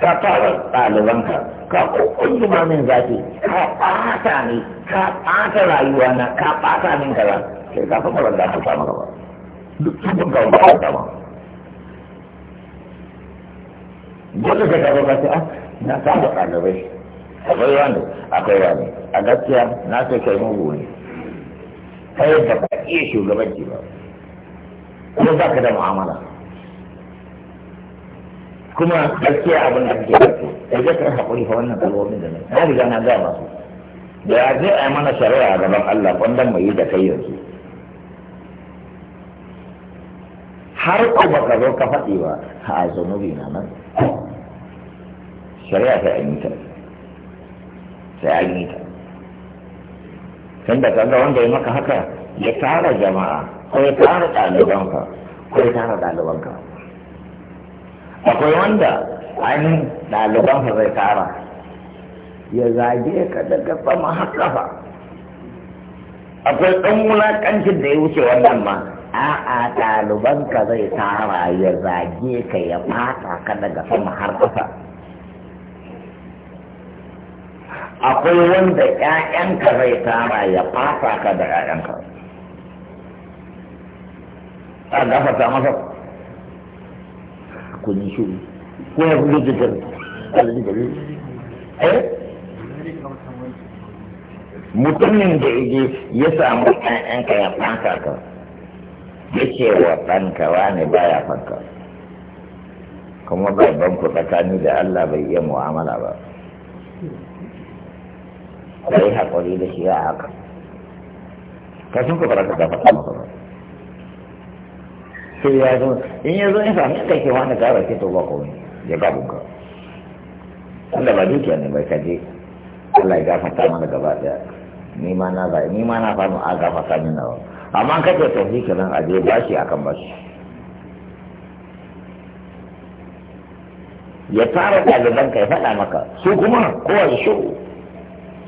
ka fara ɗalibanka ka kokon zuma min zafi ka ɓata ne ka ɓata rayuwa na ka ɓata min kaza sai ka fama ban za ka samu ba duk cikin ka wanda ka samu dole ka gaba ka ce ah na samu ɗalibai akwai wani akwai wani a gaskiya na sai kai mugu ne kai ba ka iya shugabanci ba kuma ba ka da mu'amala kuma gaskiya abin da kake karto da zai ka haƙuri fa wannan kalmomin da ne na riga na gaya masu da ya zai a mana shari'a a gaban Allah wanda mai yi da kai yanzu har ko ba ka zo ka faɗi ba a zunubi na nan shari'a ta yi mutane sai an yi ta tunda kaga wanda ya maka haka ya tara jama'a ko ya tara ɗalibanka ko ya tara ɗalibanka akwai wanda an ɗalibanka zai tara ya zage ka daga sama har kafa akwai ɗan wulaƙancin da ya wuce wannan ma a'a ɗalibanka zai tara ya zage ka ya fata ka daga sama har kafa akwai wanda 'ya'yanka zai tara ya fasa ka da 'ya'yanka a gafata masa kun shi shuru ko ya kuma jikin aljigari eh mutumin da ije ya samu 'ya'yanka ya fasa ka ya ce wa ɗanka wani baya fanka kuma bai banku tsakani da Allah bai iya mu'amala ba da yi haƙuri da shi a haka kashin ku fara ka gafa masa ba sai ya zo in ya zo in sami kai ke wani gara ke to ba komai ya ga bunka wanda ba dukiya ne bai kaje Allah ya gafarta mana gaba daya ni ma na ba ni ma na famu a gafarta min nawa amma ka ce shi kenan a je bashi akan bashi ya tara ɗaliban ka ya faɗa maka su kuma kowa da shi'u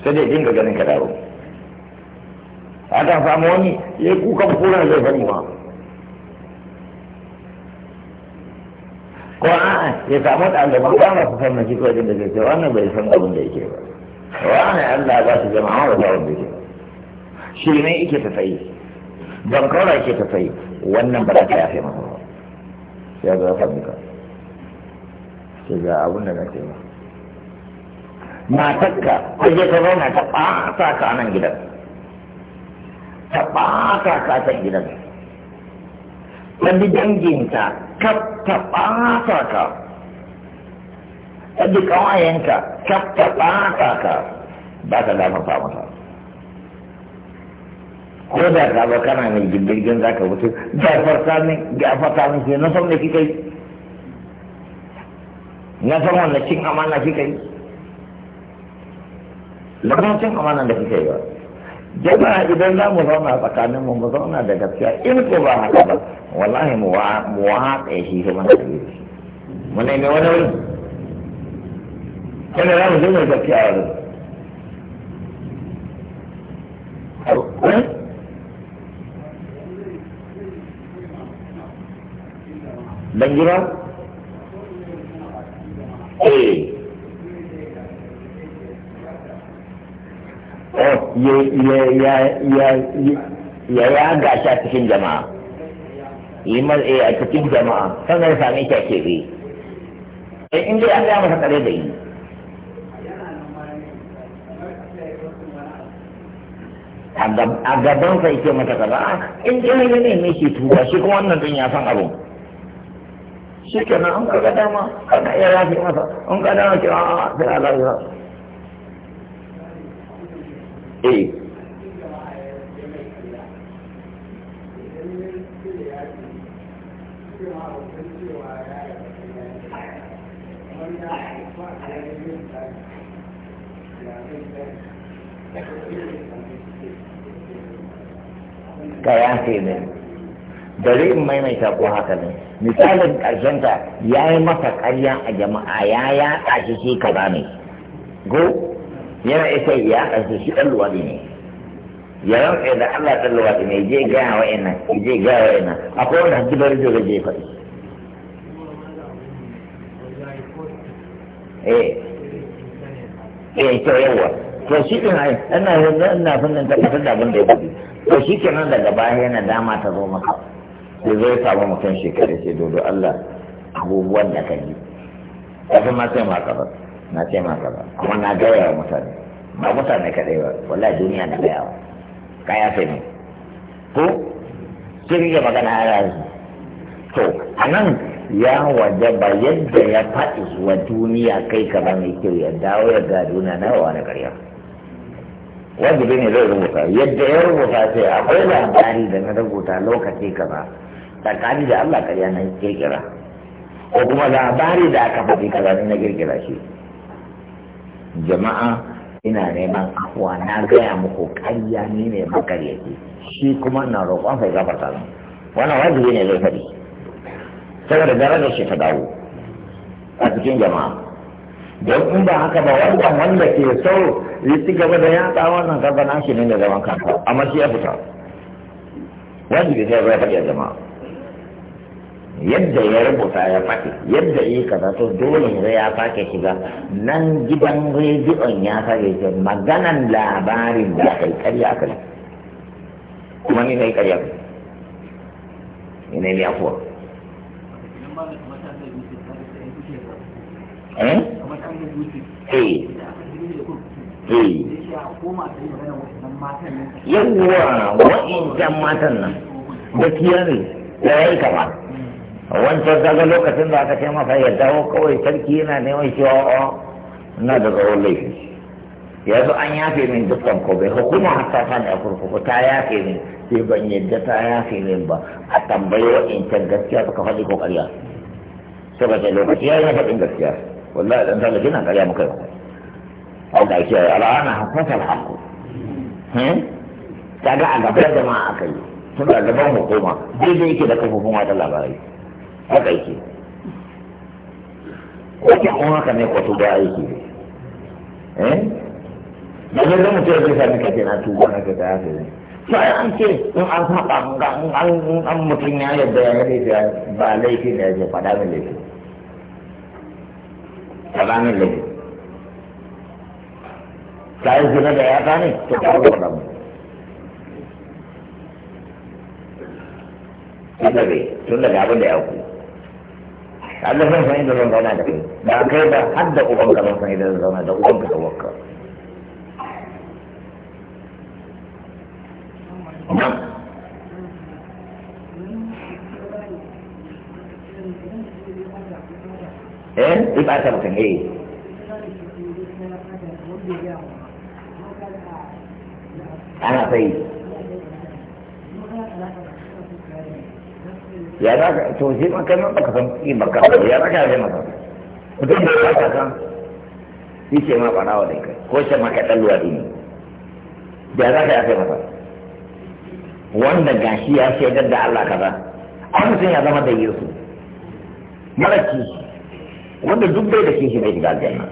sai dai dinga ganin ka dawo ta samu wani ya yi kukan kura zai fari ba. ko a ya samu ɗaliban ba ma su na shi kawai da ke wannan bai san abin da yake ba Wa ne Allah ba su jama'a ba sa wanda yake shi ne yake ta sayi ban kawai yake ta sayi wannan ba ta yafe masa ba ya zo ya ka ke ga abin da na ce ba matakka ta ta zauna ta ɓata ka nan gidan ta ɓata ka ta gidan ta bi danginta kaf ta ɓata ka ta bi ƙawayenka kaf ta ɓata ka ba ta gafarta mata ko da ka ba kana mai jirgin za ka mutu gafarta min gafarta min sai na san da kika yi na san wannan cin amana kika yi lamancin amana da kuke yi ba jama'a idan za mu zauna tsakanin mu mu zauna da gaskiya in ko ba haka ba wallahi mu wa ya shi kuma na yi mu nemi wani wuri kana za mu zo mai gaskiya a wurin dan gida eh ya ya gashi eh, a cikin jama'a liman a cikin jama'a sannan ya sami shi a keɓe eh, in dai an gaya masa tsare da yi a gaban sa yake mata kaza ah, in dai ya neme shi tuba shi kuma wannan din ya san abu shi kenan an ka ga dama kana iya yafi masa an ka dama cewa a sai a eh kaya ke ne dare in maimaita ko haka ne misalin ƙarshenta ya yi masa ƙarya a jama'a ya yaɗa shi shi kaza ne go yana isa ya ɗansu shi ɗan luwaɗi ne ya rantsa da Allah ɗan luwaɗi ne je gaya wa je gaya wa akwai wanda hajji bari zo je faɗi eh eh to yawa to shi ɗin ai ina yanzu ina fannin tabbatar da abin da ya faɗi to shi kenan daga baya yana dama ta zo maka sai zai samu mutum shekaru sai dodo Allah abubuwan da ka yi kafin ma sai ma ka ba na ce maka ba amma na gaya wa mutane ba mutane ɗaya ba wallahi duniya na gaya wa kaya sai ne ko sun yi magana a yanzu to a nan ya wajaba yadda ya faɗi wa duniya kai kaza mai kyau ya dawo ya ga duniya na yawa na ƙarya wajibi ne zai rubuta yadda ya rubuta sai akwai labari da na rubuta lokaci kaza tsakani da Allah ƙarya na kirkira ko kuma labari da aka faɗi kaza na kirkira shi jama'a ina neman afuwa na gaya muku ƙarya ni ne makaryaci shi kuma na roƙon sai gafarta mu wannan wajibi ne zai fadi saboda darajar shi ta dawo a cikin jama'a don in ba haka ba wanda wanda ke so ya ci gaba da yatsa wannan kaga na shi ne da zaman kanka amma shi ya fita wajibi sai zai fadi a jama'a yadda ya rubuta ya faɗi yadda yi kaza to dole ne ya sake shiga nan gidan rediyon ya sake ce maganan labarin da aka yi karya aka yi kuma ni na yi karya aka yi ne ya kuwa eh? eh eh yawwa wa'in matan nan da kiyar ne ya yi kamar wancan daga lokacin da aka ce masa ya dawo kawai sarki yana neman cewa a na da tsawon laifi yanzu an yafe min dukkan kobe hukuma hatta ta a kurkuku ta yafe min sai ban yadda ta yafe min ba a tambayi can gaskiya suka faɗi ko ƙarya suka ce lokaci ya yi faɗin gaskiya wallahi dan talabi na ƙarya muka yi a ga shi al'ana hakkasal ta hmm? ga a gaban jama'a aka yi tun da gaban hukuma daidai yake da kafofin wata labarai haka yake wata kuma haka ne kwato ba aiki ne ba eh? zai zama cewa zai sami kace na tuba na kace ya sai sai an ce in an saba an an mutum ya yadda ya laifi ba laifi ya faɗa min laifi faɗa min laifi ta yi zina da ya ne to ta ga faɗa min tun daga abin da ya ku kaga zan san inda zan zauna da kai ba kai ba har da ubanka zan san inda zan zauna da ubanka da ubanka eh ba ta mutum eh ana sai ya za ka to shi ma kai ma baka san yi baka san ya za ka yi masa mutum da ya ka san shi ce ma bana da kai ko shi ma ka dan luwadi ne ya za ka yi masa wanda gashi ya shaidar da Allah kaza an mutum ya zama da Yesu malaki wanda duk bai da shi bai shiga aljanna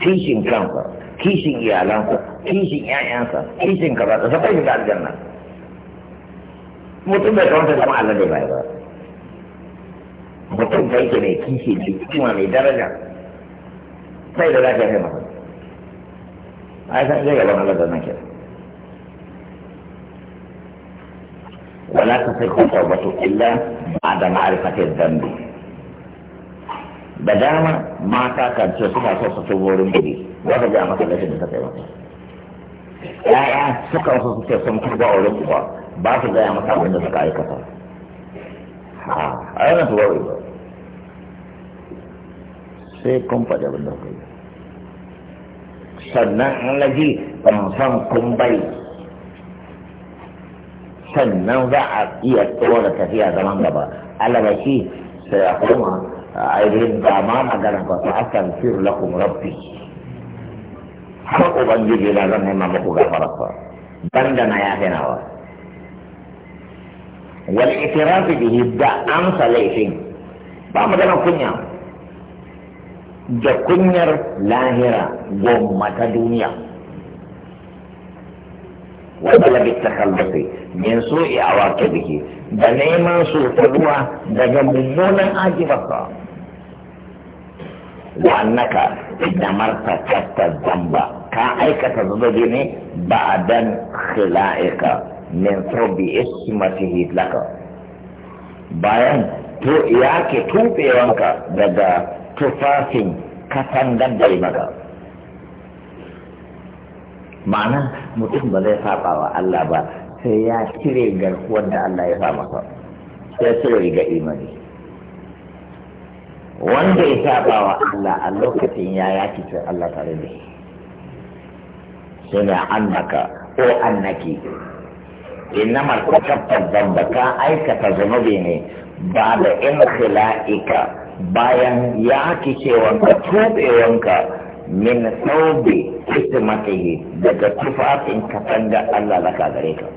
kishin kansa kishin iyalansa kishin 'ya'yansa kishin kaza da sai shiga aljanna mutum bai kawanta zama Allah da bai ba mutum da yake mai kishi ne kuma mai daraja sai da za ka yi masa ai san zai gaban Allah da nake. Wala nan kenan ولا تصح توبته الا بعد معرفه Da dama mata kan ce suna so su tubo wurin gidi wata ga masa laifin da ta kai masa ya'ya sukan so su ce sun tuba a wurin uba ba su gaya masa abin da suka aikata ha a yana tuwa wai ba sai kun faɗi abin da kai sannan an laji ban san kun bai sannan za a iya tsora tafiya zaman gaba alabashi sai a koma ainihin ba ma magana ba su asan fir kuma rabbi har ubangiji na zan nema muku gafararsa banda na yafe nawa والاعتراف به ده أمس ليفين ba maganar kunya da kunyar lahira gwammata duniya wanda labi ta kalbafi min so a wake biki da neman su ta ruwa daga mummunan ajibarsa wa annaka da marta kasta zamba ka aikata zubabi ne ba dan khila'ika min sabbi ismatihi laka bayan to ya ke wanka daga tufafin kasan gaddare maka ma'ana mutum ba zai saba wa Allah ba sai ya cire garkuwar da Allah ya sa masa sai cire ga imani wanda ya saba wa Allah a lokacin ya yaki sai Allah tare da shi sai annaka ko annaki innama katabta zamba ka aikata zunubi ne ba da in khila'ika bayan ya kicewanka tubewanka min saube ismatihi daga tufafin katanga Allah laka gare ka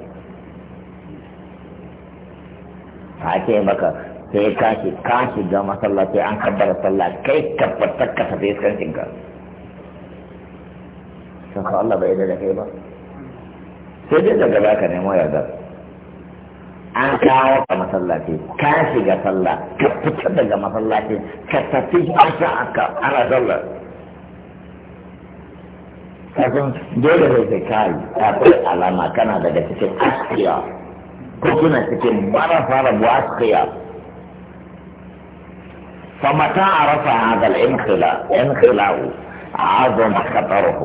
ake maka sai ka shi ka shiga masallaci an kabbara sallah kai tabbatar ka tafi iskancin ka Allah bai da kai ba sai dai daga za ka nemo yarda an kawo ka masallaci ka shiga sallah ka fita daga masallaci ka tafi asa aka ana sallah kafin dole sai sai kai akwai alama kana daga cikin askiya ko kuna cikin mara fara buwa فمتى عرف هذا الانخلاء انخلاء عظم خطره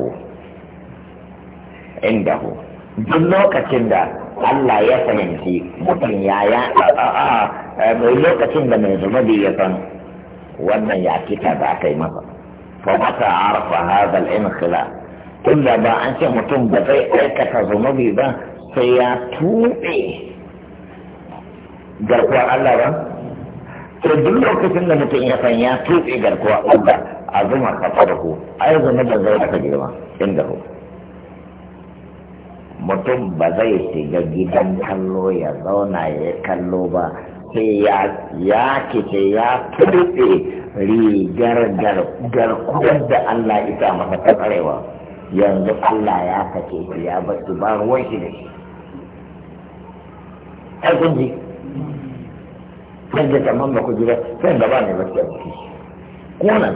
عنده duk lokacin da Allah ya fahimci mutum ya ya mai lokacin da mai zunubi ya san wannan ya kita da aka yi masa fa mata arfa hada al inqila tunda ba an ce mutum ba zai aikata zunubi ba sai ya tuɓe garkuwar Allah ba to duk lokacin da mutum ya san ya tuɓe garkuwar Allah a zuma ka farko ai da zai ka girma inda ku mutum ba zai shiga gidan kallo ya zauna ya kallo ba sai ya kice ya turbe rigar garkuwar da Allah ita masa ta tsarewa yanzu Allah ya sake shi ya bar ba ruwan shi da shi ai kun ji da kamar ba ku jira sai da ba ne ba ke kunan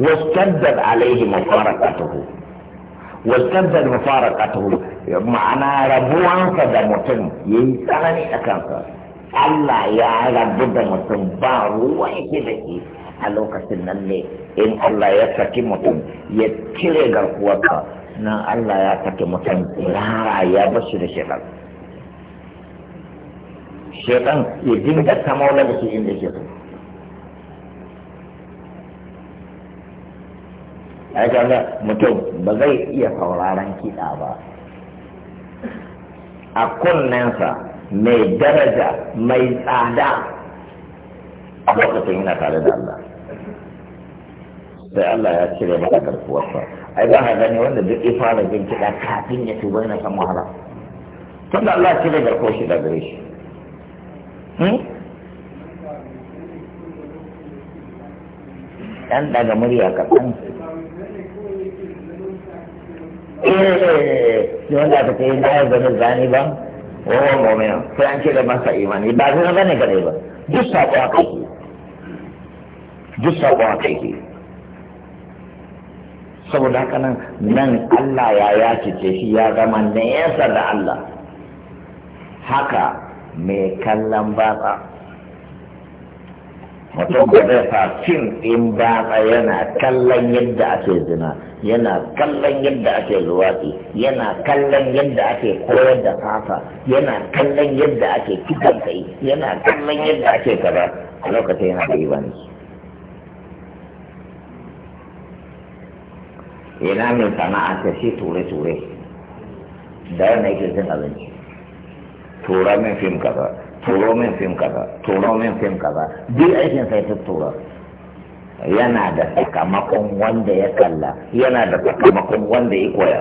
wasu kaddar alaihi mafarakatuhu walkantar fara katahu ma'ana rabuwansa da mutum ya yi tsanani a kansa Allah ya rabu da mutum ba ruwa yake da ke a lokacin nan ne in Allah ya saki mutum ya cire garkuwarsa nan Allah ya saki mutum rara ya ba bashi da shekar shekar ya dinga ta maula da shi inda shekar ai kaga mutum ba zai iya sauraron kiɗa ba a kunnensa mai daraja mai tsada a lokacin yana tare da Allah sai Allah ya cire mata garkuwarsa ai ba ka gani wanda duk ya fara jin kiɗa kafin ya tuba yana san wahala tun da Allah cire garkuwar shi da gare shi hmm? ɗan daga murya kaɗan eh shi wanda aka ce na ya zama zani ba wawan oh, momina sai an ce da masa imani ba zai zama ne kadai ba duk sako a kai duk sako a kai saboda haka nan nan Allah ya yace ce shi ya zama nesa da Allah haka mai kallon batsa mutum ba zai sa cin in ba yana kallon yadda ake zina yana kallon yadda ake luwaɗi yana kallon yadda ake koyar da fata yana kallon yadda ake kitan kai yana kallon yadda ake kaza a lokacin yana da ibani ina min sana'a ta shi ture-ture da yana yake cin abinci tura min fim kaza turo min fim kaza turo min fim kaza duk aikin sai ta tura yana da sakamakon wanda ya kalla yana da sakamakon wanda ya koya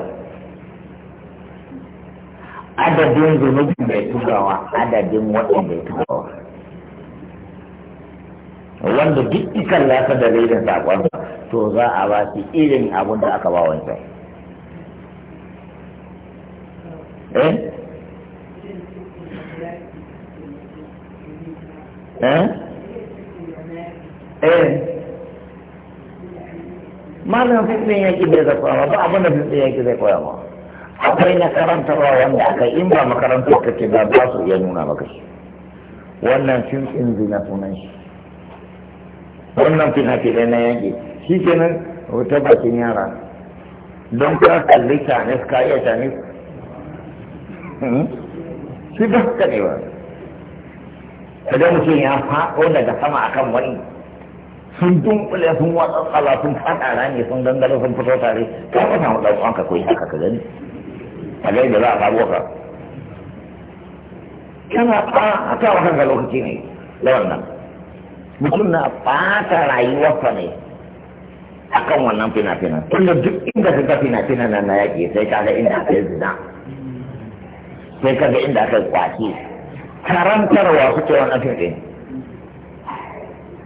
adadin zunubin mai turawa adadin wadin bai turawa wanda duk ikan lasa dalilin sakon to za a ba su irin abin da aka ba wancan eh Eh? eh malam fifin yaki bai zai koya ba abin da fifin yaki zai koya ba akwai na karantarwa wanda aka in ba ba ba su iya nuna maka shi wannan fifin zina sunan shi wannan fina na yaki shi wata bakin yara don ka kalli ka iya hmm? shi ba ka ne ba kaga mutum ya faɗo daga sama akan wani sun dunkule sun watsatsala sun faɗa rani sun dangane sun fito tare ka ka samu ɗan uwanka koyi haka ka gani a gani da za a samu ka kana ɓata wa kanka lokaci ne da wannan mutum na ɓata rayuwarsa ne akan wannan fina-finan tunda duk inda ka ga fina-finan nan na yaƙi sai ka ga inda aka yi zina sai ka ga inda aka yi kwaki. karantarwa suke wannan fim ɗin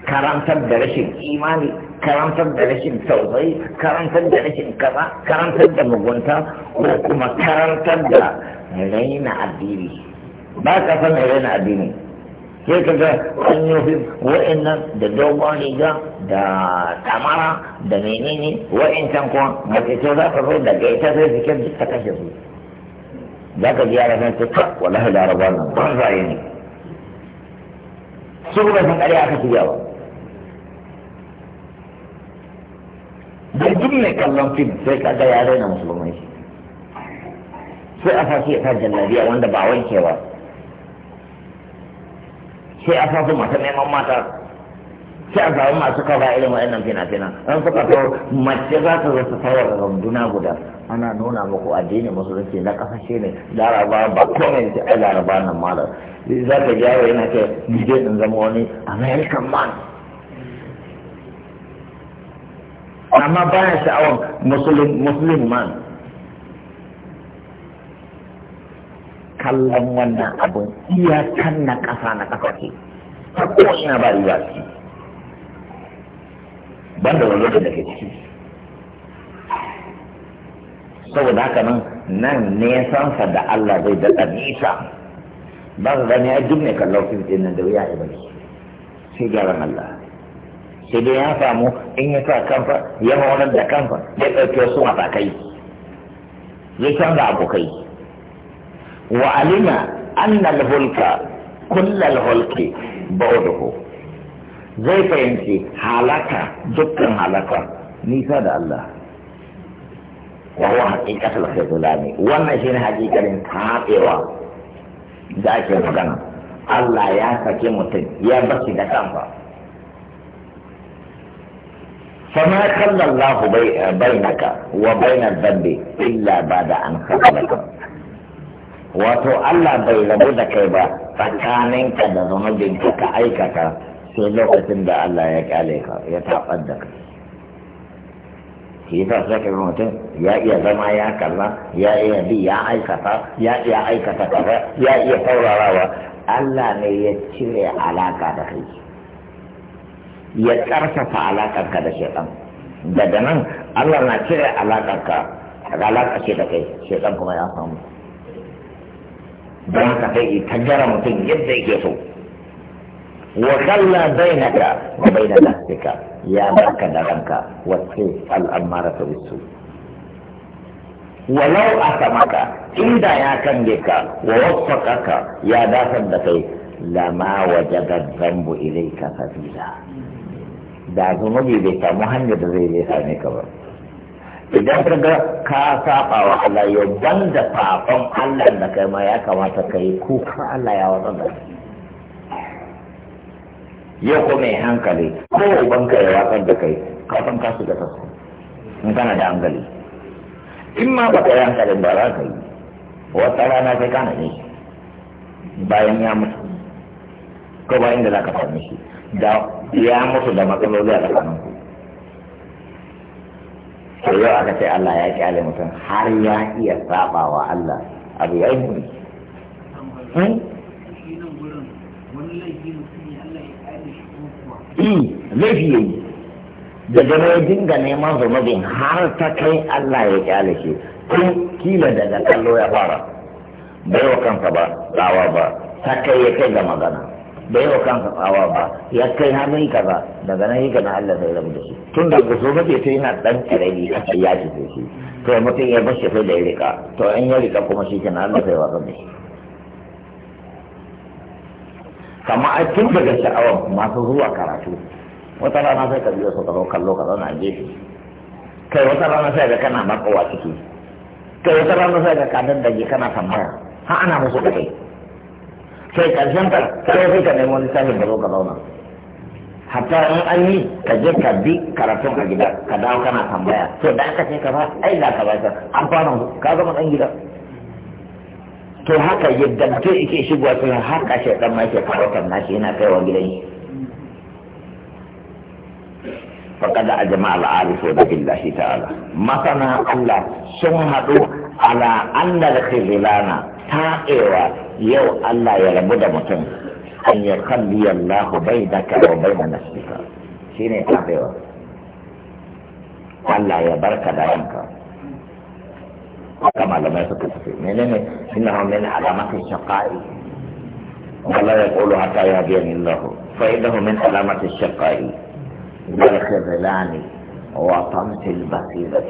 karantar da rashin imani karantar da rashin tausayi karantar da rashin kaza karantar da mugunta ko kuma karantar da raina addini ba ka san raina addini sai ka ga an yi wa'annan da dogon riga da tamara da menene wa'ancan kuma mace ce za ta zo da ita sai jikin duk ta kashe su za ka ji yara zan ce ka wallahi laraba nan ban zaye ne su kuma sun ƙarya aka shirya ba da duk mai kallon fim sai ka ga yare na musulmai sai a fasu ya ta jallabiya wanda ba wanke ba sai a su masu neman mata sai a samu masu kafa irin wa'annan fina fina an suka to mace za ta zo ta tawar runduna guda ana nuna muku addini musulunci na kasashe ne laraba ba komai ce ai laraba nan malam za ta gyara yana ce ni din zama wani american man amma baya sha'awar muslim man kallon wannan abin iyakan na ƙasa na kasa ce ko ina ba riba ban da lalata da ke ciki saboda haka nan nan sansa da Allah zai daɗa nisa ba su gani ya duk ne kallon fifin nan da wuya ya bari sai gyaran Allah sai dai ya samu in ya sa kamfa ya maunar da kamfa ya ɗauke wasu matakai zai canza abokai wa alima annal hulka kullal hulki ba'uduhu zai fahimci halaka dukkan halaka nisa da Allah wa huwa haqiqatul khizlani wannan shine haƙiƙarin kaɗewa da ake magana Allah ya sake mutum ya bashi da kanfa فما خلى الله بينك وبين illa ba da an خلقك wato Allah bai rabu da kai ba tsakaninka da zunubinka ka aikata sai lokacin da Allah ya kyale ka ya taɓa da ka shi yasa sai ka mutum ya iya zama ya kalla ya iya bi ya aikata ya iya aikata kaza ya iya saurarawa Allah ne ya cire alaka da kai ya karfafa alakar ka da shekan daga nan Allah na cire alakar ka alaka ce da kai shekan kuma ya samu don haka kai ta gara mutum yadda yake so وخلى بينك وبين نفسك يا بركة درمك والسيف الأمارة بالسوء ولو أتمك إذا يا كنجك ووفقك يا دافن بكي لما وجد الذنب إليك سبيلا da zunubi bai samu hanyar da zai zai same ka ba idan ka ga ka saba wa Allah ya banda fafon Allah da kai ma ya kamata ka yi kuka Allah ya wasan da shi yau ko mai hankali ko kai ya kan da kai kafin ka shiga ta in kana da hankali in ma baka yi hankalin ba za ka yi wata rana sai kana ne bayan ya mutu ko bayan da za ka fara shi da ya mutu da matsaloli a ku to yau aka ce Allah ya kyale mutum har ya iya sabawa Allah abu ya yi muni hmm? yi laifi yayi daga ne dinga neman zumabin har ta kai Allah ya kyale shi tun kila daga kallo ya fara bai wa kansa ba tsawa ba ta kai ya kai ga magana bai wa kansa tsawa ba ya kai hannun ka ba daga nan yake na Allah zai rabu da shi tun da ku so mace sai yana dan karami a kai ya ce shi to mutum ya bar shi sai da ya rika to in ya rika kuma shi kenan Allah zai wasa da shi kama a tun daga sha'awar masu zuwa karatu wata rana sai ka biyo su karo kallo ka zauna a gefe kai wata rana sai ga kana matsowa ciki kai wata rana sai ga kadan da kana tambaya har ana musu da kai sai karshen ka sai sai ka nemo littafin da zo ka zauna hatta in an yi ka je ka bi karatun a gida ka dawo kana tambaya to da aka ce ka ba ai da ka ba an fara ka zama dan gida to haka yadda ke yake shigowa sai haka shi dan ma yake farautar nashi yana kaiwa gidan shi فقد أجمع العارفون بالله تعالى مثلا الله سمحوا على أن الخذلان تائرة يو الله يربد متن أن يخلي الله بينك وبين نفسك شيني تائرة الله يبارك دائمك كما لم يسكت فيه انه من علامات الشقاء ولا يقول حتى يهديني الله فانه من علامات الشقاء ذلك ذلان وطمس البصيرة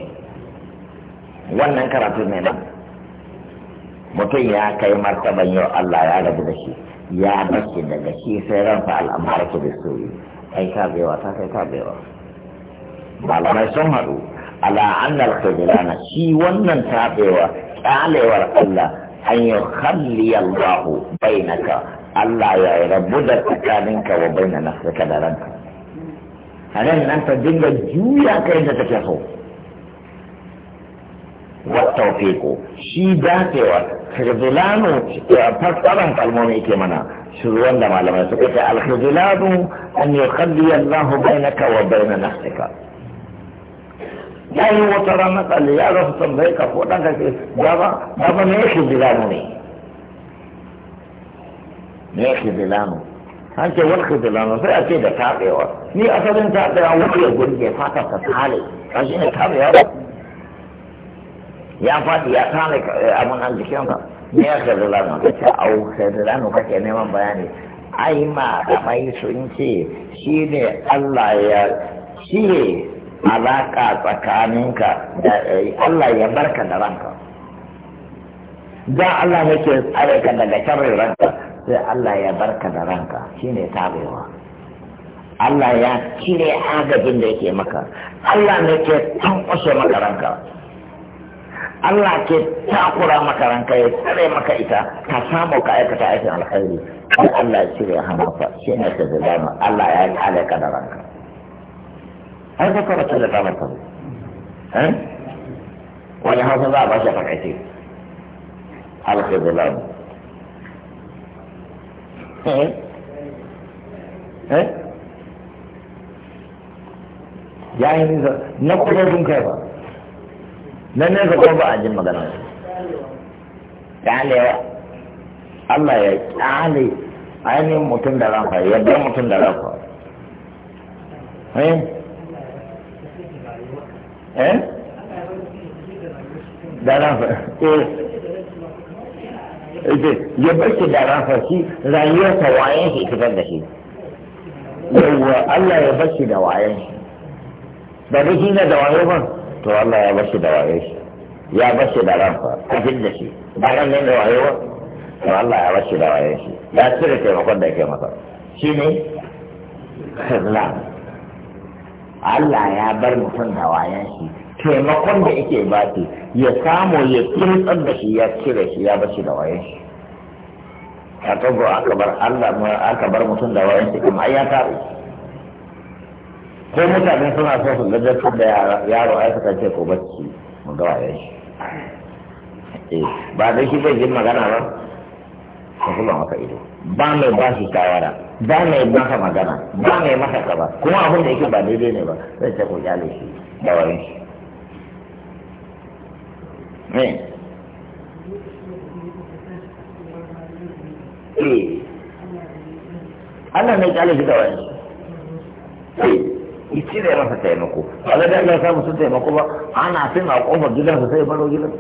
وانا كرت منا متي يا كي مرتبة يو الله يا رب دشي يا دشي دشي سيرم فالأمارة بسوي أي كابيوة تاكي كابيوة بل ما يسمعوا على أن الخذلان شي وانا كابيوة تعالي الله أن يخلي الله بينك الله يا رب تكانك وبين نفسك درنك أنا أنت دنجا جويا كأنك تكيخو والتوفيق شي داتوا خذلان فسرا كالمومي كمنا شروان دم سكت الخذلان أن يخلي الله بينك وبين نفسك ya yi wata rana tsalle ya za su tambaye ka ko ɗan kake dama dama me yake bilanu ne me yake bilanu an ce wani bilanu sai a ce da taɓewa ni asalin taɓewa wani ya gurge fata ta tale a shi ne taɓewa ba ya faɗi ya tale eh, abin an jikinka me yake bilanu ka ce au sai bilanu kake neman bayani ai ma da mai sun ce shi ne Allah ya shi alaka tsakaninka da eh, Allah ya barka da ranka da Allah ne ke tsare ka daga sharrin ranka sai Allah ya barka da ranka shine tabewa Allah ya cire agajin da yake maka Allah ne ke tankwashe maka ranka Allah ke takura maka ranka ya tsare maka ita ka samu ka aikata aikin alkhairi Allah ya cire hannunka ne ta zama Allah ya yi alaƙa da ranka هذا كرة اللي قامت به ها ولهذا a باشا فرعتين على الظلام ها ها يعني na kusa sun kai ba na nesa kuma ba a jin magana kyalewa Allah ya kyale ainihin mutum da rafa yadda mutum da rafa eh? eh, eh. Ya ransa eh ya barke da ransa shi rayuwarsa wayan shi fitar da shi yawwa Allah ya barke da wayan shi ba da shi na da wayo ba to Allah ya barke da wayan shi ya barke da ransa kafin da shi ba ran ne da wayo ba to Allah ya barke da wayan shi ya cire taimakon da yake masa shi ne Islam Allah ya bar mutum da shi taimakon da yake ba shi ya samu ya tsuntsar da shi ya cire shi ya bashi da wayan shi a tabbata aka bar Allah aka bar mutum da wayan shi kuma ya tare ko mutane suna so su gajar da yaro ai suka ce ko bacci mu ga wayan shi eh, ba da shi zai yi magana ba ka kula ido ba mai ba shi shawara ba mai masa magana ba mai masa kaba kuma abin da yake ba daidai ne ba zai ce ku kyale shi da wani shi ne eh Allah ne kyale shi da wani shi eh cire masa taimako ba zai da Allah samu sun taimako ba ana fin a kofar gidansa sai baro gidansa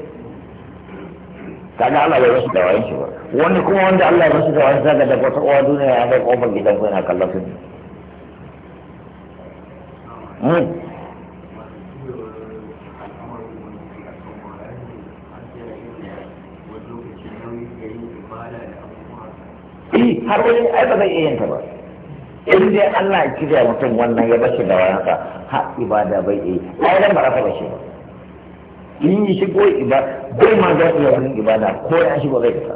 kaga Allah bai wasu dawayen shi ba wani kuma wanda Allah ya wasu da sa ga daga wata uwa duniya ya bai kofar gidan ko yana kallon su hmm. eh, har wani ai ba zai iya yin ta ba in dai Allah ya kira mutum wannan ya bashi da wayansa har ibada bai yi ai dan ba rafa bashi ba in yi shigo iba bai ma za su yi wani ibada ko ya shigo zai fita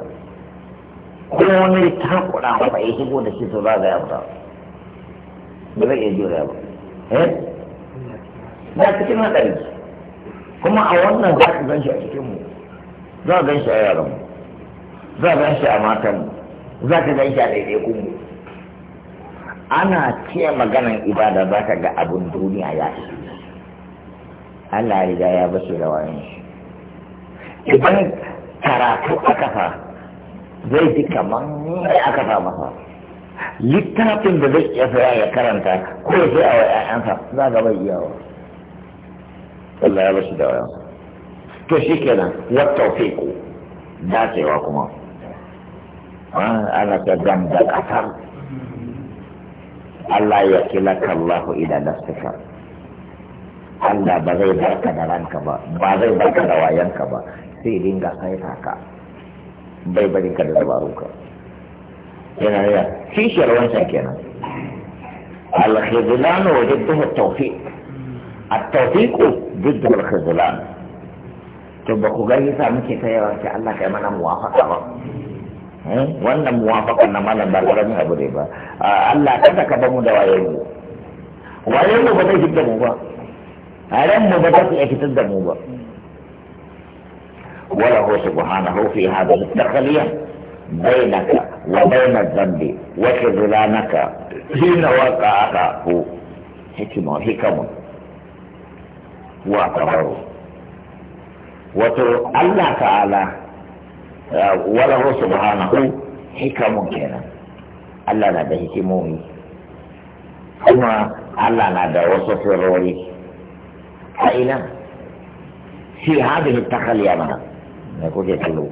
ko wani ta kuɗa masa ya shigo da shi to za ga ya fita ba zai iya jura ba eh na cikin haɗari kuma a wannan za ka gan shi a cikinmu za ka gan shi a mu, za ka gan shi a matan, za ka gan shi a kunmu. ana ce maganan ibada za ka ga abin duniya ya shi Allah ya riga ya bashi da wayan shi idan karatu aka fa zai ji kamar mai aka fa masa littafin da zai iya fara ya karanta ko ya sai a wa ƴaƴansa za ga bai iyawa Allah ya bashi da wayan to shikenan da ce dacewa kuma ah, ana ta ganda kasar Allah ya kilaka Allah ila nafsika Allah ba zai barka da ranka ba ba zai barka da wayanka ba sai dinga kai ka bai bari ka da dabaru ka yana ya rawan wancan kenan al-khizlan wa jidduhu at-tawfiq at-tawfiq jidduhu al-khizlan to ba ku gani sa muke ta ki Allah kai mana muwafaqa ba eh? wannan muwafaqa na malam ba karamin abu ne ba Allah kada ka bamu da wayo wayo ba zai hidda mu ba ألم mu ba za iya fitar da mu ba وله سبحانه في هذا التخلية بينك وبين الذنب وخذلانك حين وقع أخاه حكمة حكم واعتبره الله تعالى وله سبحانه حكم كنا الله لا ده حكمه الله لا ده وصف a ina fi hadin takaliya mana na kuke tulo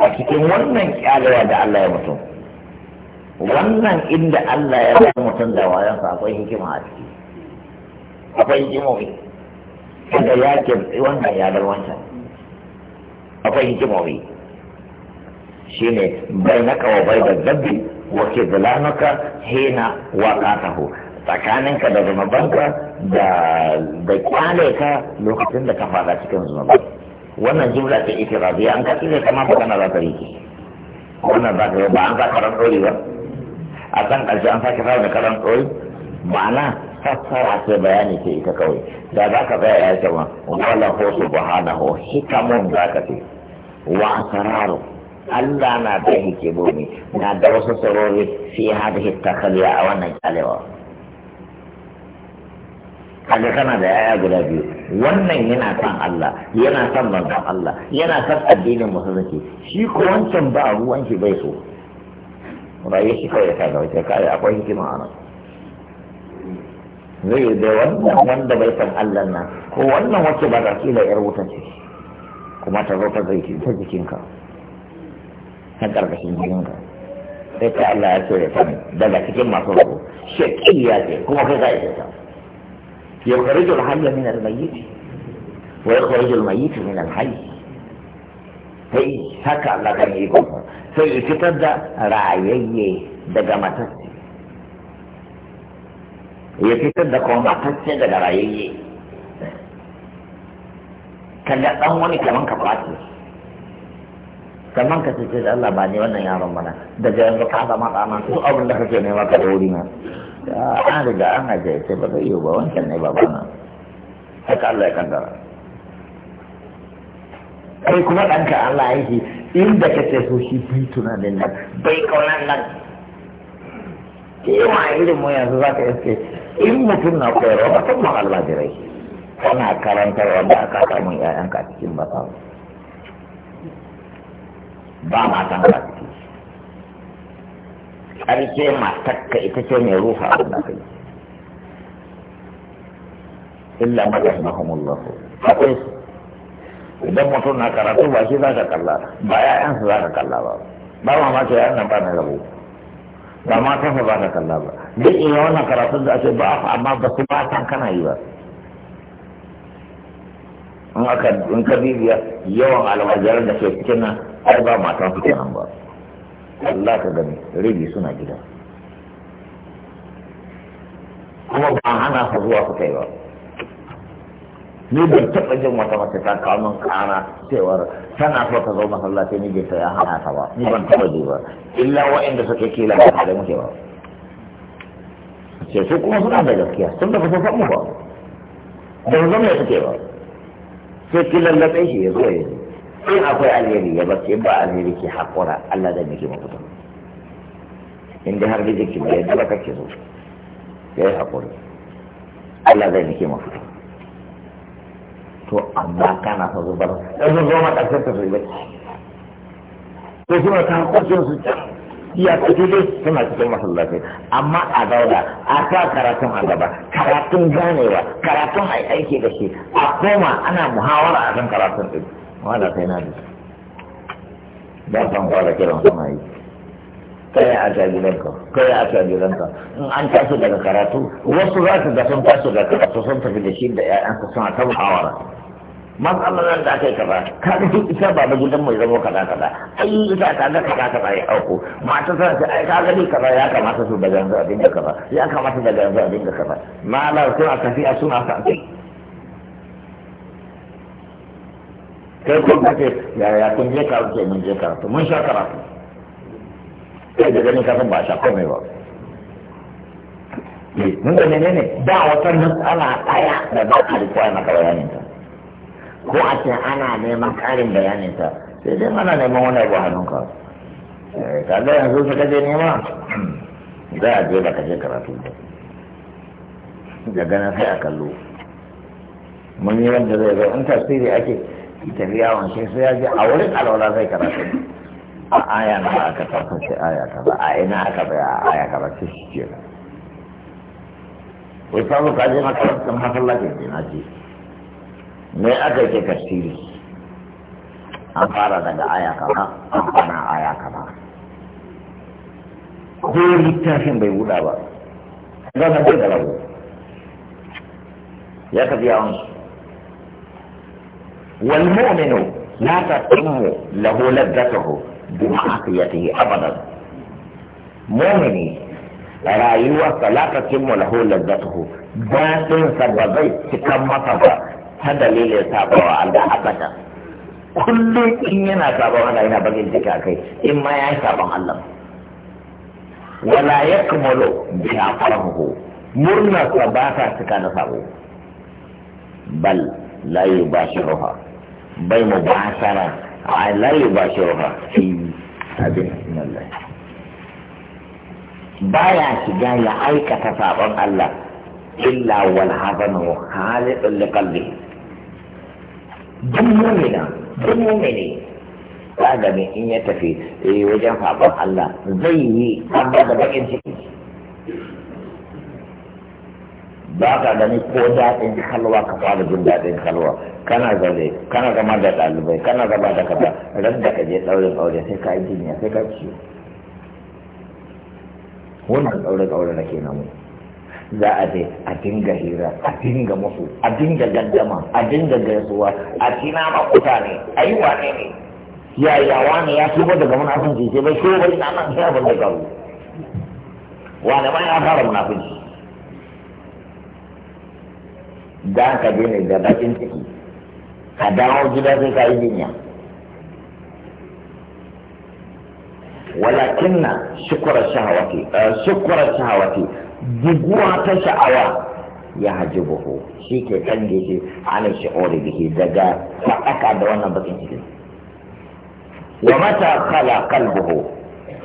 a cikin wannan kyalewa da Allah ya mutum wannan inda Allah ya ba mutum da wayansa akwai hikima a ciki akwai hikimomi wanda ya ke wannan ya bar wancan akwai hikimomi shine bai na kawo bai da zabbi wa ke zalanaka hina wa tsakaninka da zunubanka da da kwale ka lokacin da ka fada cikin zunuban wannan jumla ce ita rabi an ka tsire kama magana za ta yi wannan za ka yi ba an sa karan ɗori ba a san ƙarshe an sake fara da karan ɗori ma'ana fassara ce bayani ce ita kawai da za ka tsaya ya ce ma wala ho subhanahu hikamun za ka ce wa asararu Allah na da hikimomi na da wasu sarori fi hadhihi takhliya a wannan kyalewa. kaga kana da yaya guda biyu wannan yana son Allah yana son manzon Allah yana son addinin musulunci shi ko wancan ba ruwan shi bai so rayu shi kawai ka ga wace kai akwai hikima a nan zai da wannan wanda bai san Allah nan ko wannan wacce ba ta kila yar wuta ce kuma ta zo ta zai ta jikinka ta karkashin jikinka sai ka Allah ya so ya sani daga cikin masu rabo shekiyya ce kuma kai ka isa يخرج الحي من الميت ويخرج الميت من الحي هي هكا لغن يكون sai ya fitar da rayayye daga matacce ya fitar da kuma matacce daga rayayye kaga dan wani kaman ka kwace kaman ka ce da Allah ba ne wannan yaron mana daga yanzu ka zama ɗana su abin da kake nema ka da wuri na Ah, an riga an haife ce ba zai yiwu ba wancan ne ba haka Allah ya kai kuma ɗanka Allah ya yi inda ka ce so shi bai tunanin nan bai kaunan nan kewa irin mu yanzu za ka iske in mutum na koyarwa musamman almajirai kana karantarwa ba ka samun 'ya'yanka cikin ba ba ma san ka ciki ƙarshe matakka ita ce mai rufa abin da kai illa magasmahumullahu akwai su idan mutum na karatu ba shi za ka kalla ba su za ka kalla ba ba ma ma ce ya'yan nan ba na rabu ba ma fa ba ka kalla ba duk iya wannan karatun da ake ba amma ba su ba san kana yi ba in aka in ka bibiya yawan almajiran da ke cikin nan ai ba matan su kenan ba Allah ka gani rage suna gida kuma ba hana su zuwa su kai ba ni ban taɓa jin wata mace ta kawo min ƙara cewar tana so ta zo masallaci ni bai ya hana ta ba ni ban taɓa ji ba illa waɗanda suke kila ba tare muke ba sai su kuma suna da gaskiya sun da ba san mu ba ba zama ya suke ba sai kila latsai shi ya zo ya yi in akwai alheri ya bace ba alheri ke haƙura Allah zai miki mafita in dai har gidi ki ba yadda ba kake so ya yi haƙuri Allah zai miki mafita to amma kana fa zubar sai sun zo ma ƙarshen ta su yi bacci suna ta haƙurcin su can iya dai suna cikin masallaci amma a zauna a sa karatun a gaba karatun ganewa karatun a aiki da shi a koma ana muhawara a kan karatun ɗin wala sai na ji ba san fara kiran sama yi kai a ta gidanka kai a ta gidanka in an taso daga karatu wasu za su ga sun daga karatu sun tafi da shi da ƴaƴansa suna ta muhawara nan da aka yi kaza ka ga duk ita ba gidan mai zama kaza kaza ai ita ta ga kaza kaza ya auku mata ta ce ai ka ga dai kaza yanzu a dinga kaza ya kamata yanzu a dinga suna sa kai kun kake yaya kun je karatu ce mun je karatu mun sha karatu kai da ganin kafin ba sha komai ba eh, mun ga menene da wata matsala daya da za a rikuwa maka bayanin ta ko a ce ana neman karin bayanin ta sai dai mana neman wani abu hannunka eh, ka ga yanzu ka je nema hmm. za a je ba ka je karatu da nan sai a kallo mun yi wanda zai zo in tasiri ake tafi yawon shi sai ya je a wurin alwala zai karatu a aya na aka tafi sai aya ba a ina aka bai a aya kaza sai shi ba wai samu ka je makarantar masallaci ne na ce me aka ke kasiri an fara daga aya ba an fara aya ba ko littafin bai buɗa ba zama da ya tafi yawon wani. والمؤمن لا تتم له لذته بمعصيته أبدا مؤمني rayuwarsa la ta lahu lazzatuhu daɗinsa ba zai cika masa ba ta dalilin sabawa Allah abada kullum in yana sabon Allah yana bakin ciki kai in ma ya yi sabon Allah wala ya kumalo bi afarahu murnarsa ba ta cika na sabo bal la yubashiruha bai mu ba sara a layu ba shi rufa fi abin Allah baya shiga ya aikata sabon Allah illa wal hazanu halidun li qalbi duk mu'mina duk mu'mini kaga ne in ya tafi eh wajen sabon Allah zai yi amma da bakin ciki ba ka gani ko daɗin halwa ka fara jin daɗin halwa kana zaune kana zama da ɗalibai kana zama da kaza ran da ka je aure sai ka yi jinya sai ka ciwo wannan tsaurin aure na kenan mu za a je a dinga hira a dinga musu a dinga gaddama a dinga gaisuwa a tina makuta ne a yi wane ne ya ya wane ya tuba daga munafunci sai bai so bai na nan sai abin da garu wane ma ya fara munafunci dan ka ne da bakin ciki A dawo gida sai ka yi jinya walakin na shukura shahawati eh, shukura shahawati buguwa ta sha'awa ya haji buhu shi ke kan da shi ana shi'ori da daga faɗaka da wannan bakin ciki wa mata kala kalbuhu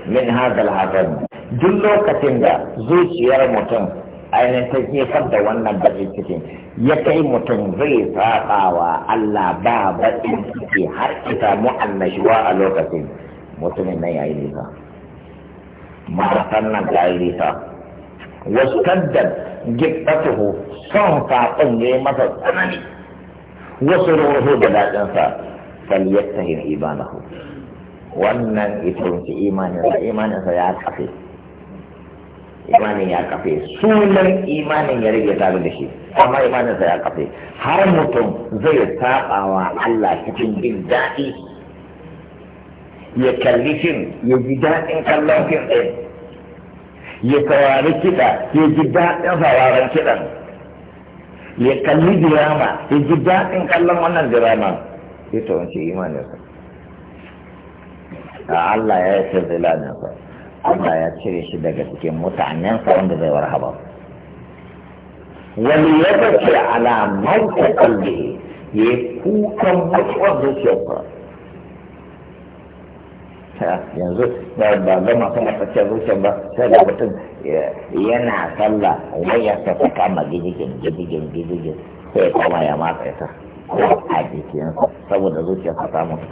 min hazal hadan duk lokacin da zuciyar mutum ainihin ta jefar da wannan baƙin cikin ya kai mutum zai saƙawa Allah ba baƙin ciki har ki samu annashuwa a lokacin mutumin nan yayi nisa matan nan ta yi nisa wasu kaddan gibbatuhu son saƙon ya yi masa tsanani wasu ruhu da daɗinsa falyattahin ibanahu wannan ita wuce imaninsa imaninsa ya kafe imanin ya kafe sunan imanin ya rage tare da shi amma imaninsa ya kafe har mutum zai saba wa Allah cikin jin daɗi ya kalli fim ya ji daɗin kallon fim ɗin ya saurari kiɗa ya ji daɗin sauraron kiɗan ya kalli dirama ya ji daɗin kallon wannan dirama ya imanin imaninsa Allah ya yi sirri lanarsa Allah ya cire shi daga cikin mutanen sa wanda zai warhaba wani ya bace alamar mauta kalbi ya kukan mutuwar zuciyarsa yanzu ba ba ga masu mafacin zuciyar ba sai da mutum yana sallah wayarsa ta kama gidigin gidigin gidigin sai ya kuma ya matsa ta ko a jikinsa saboda zuciyarsa ta mutu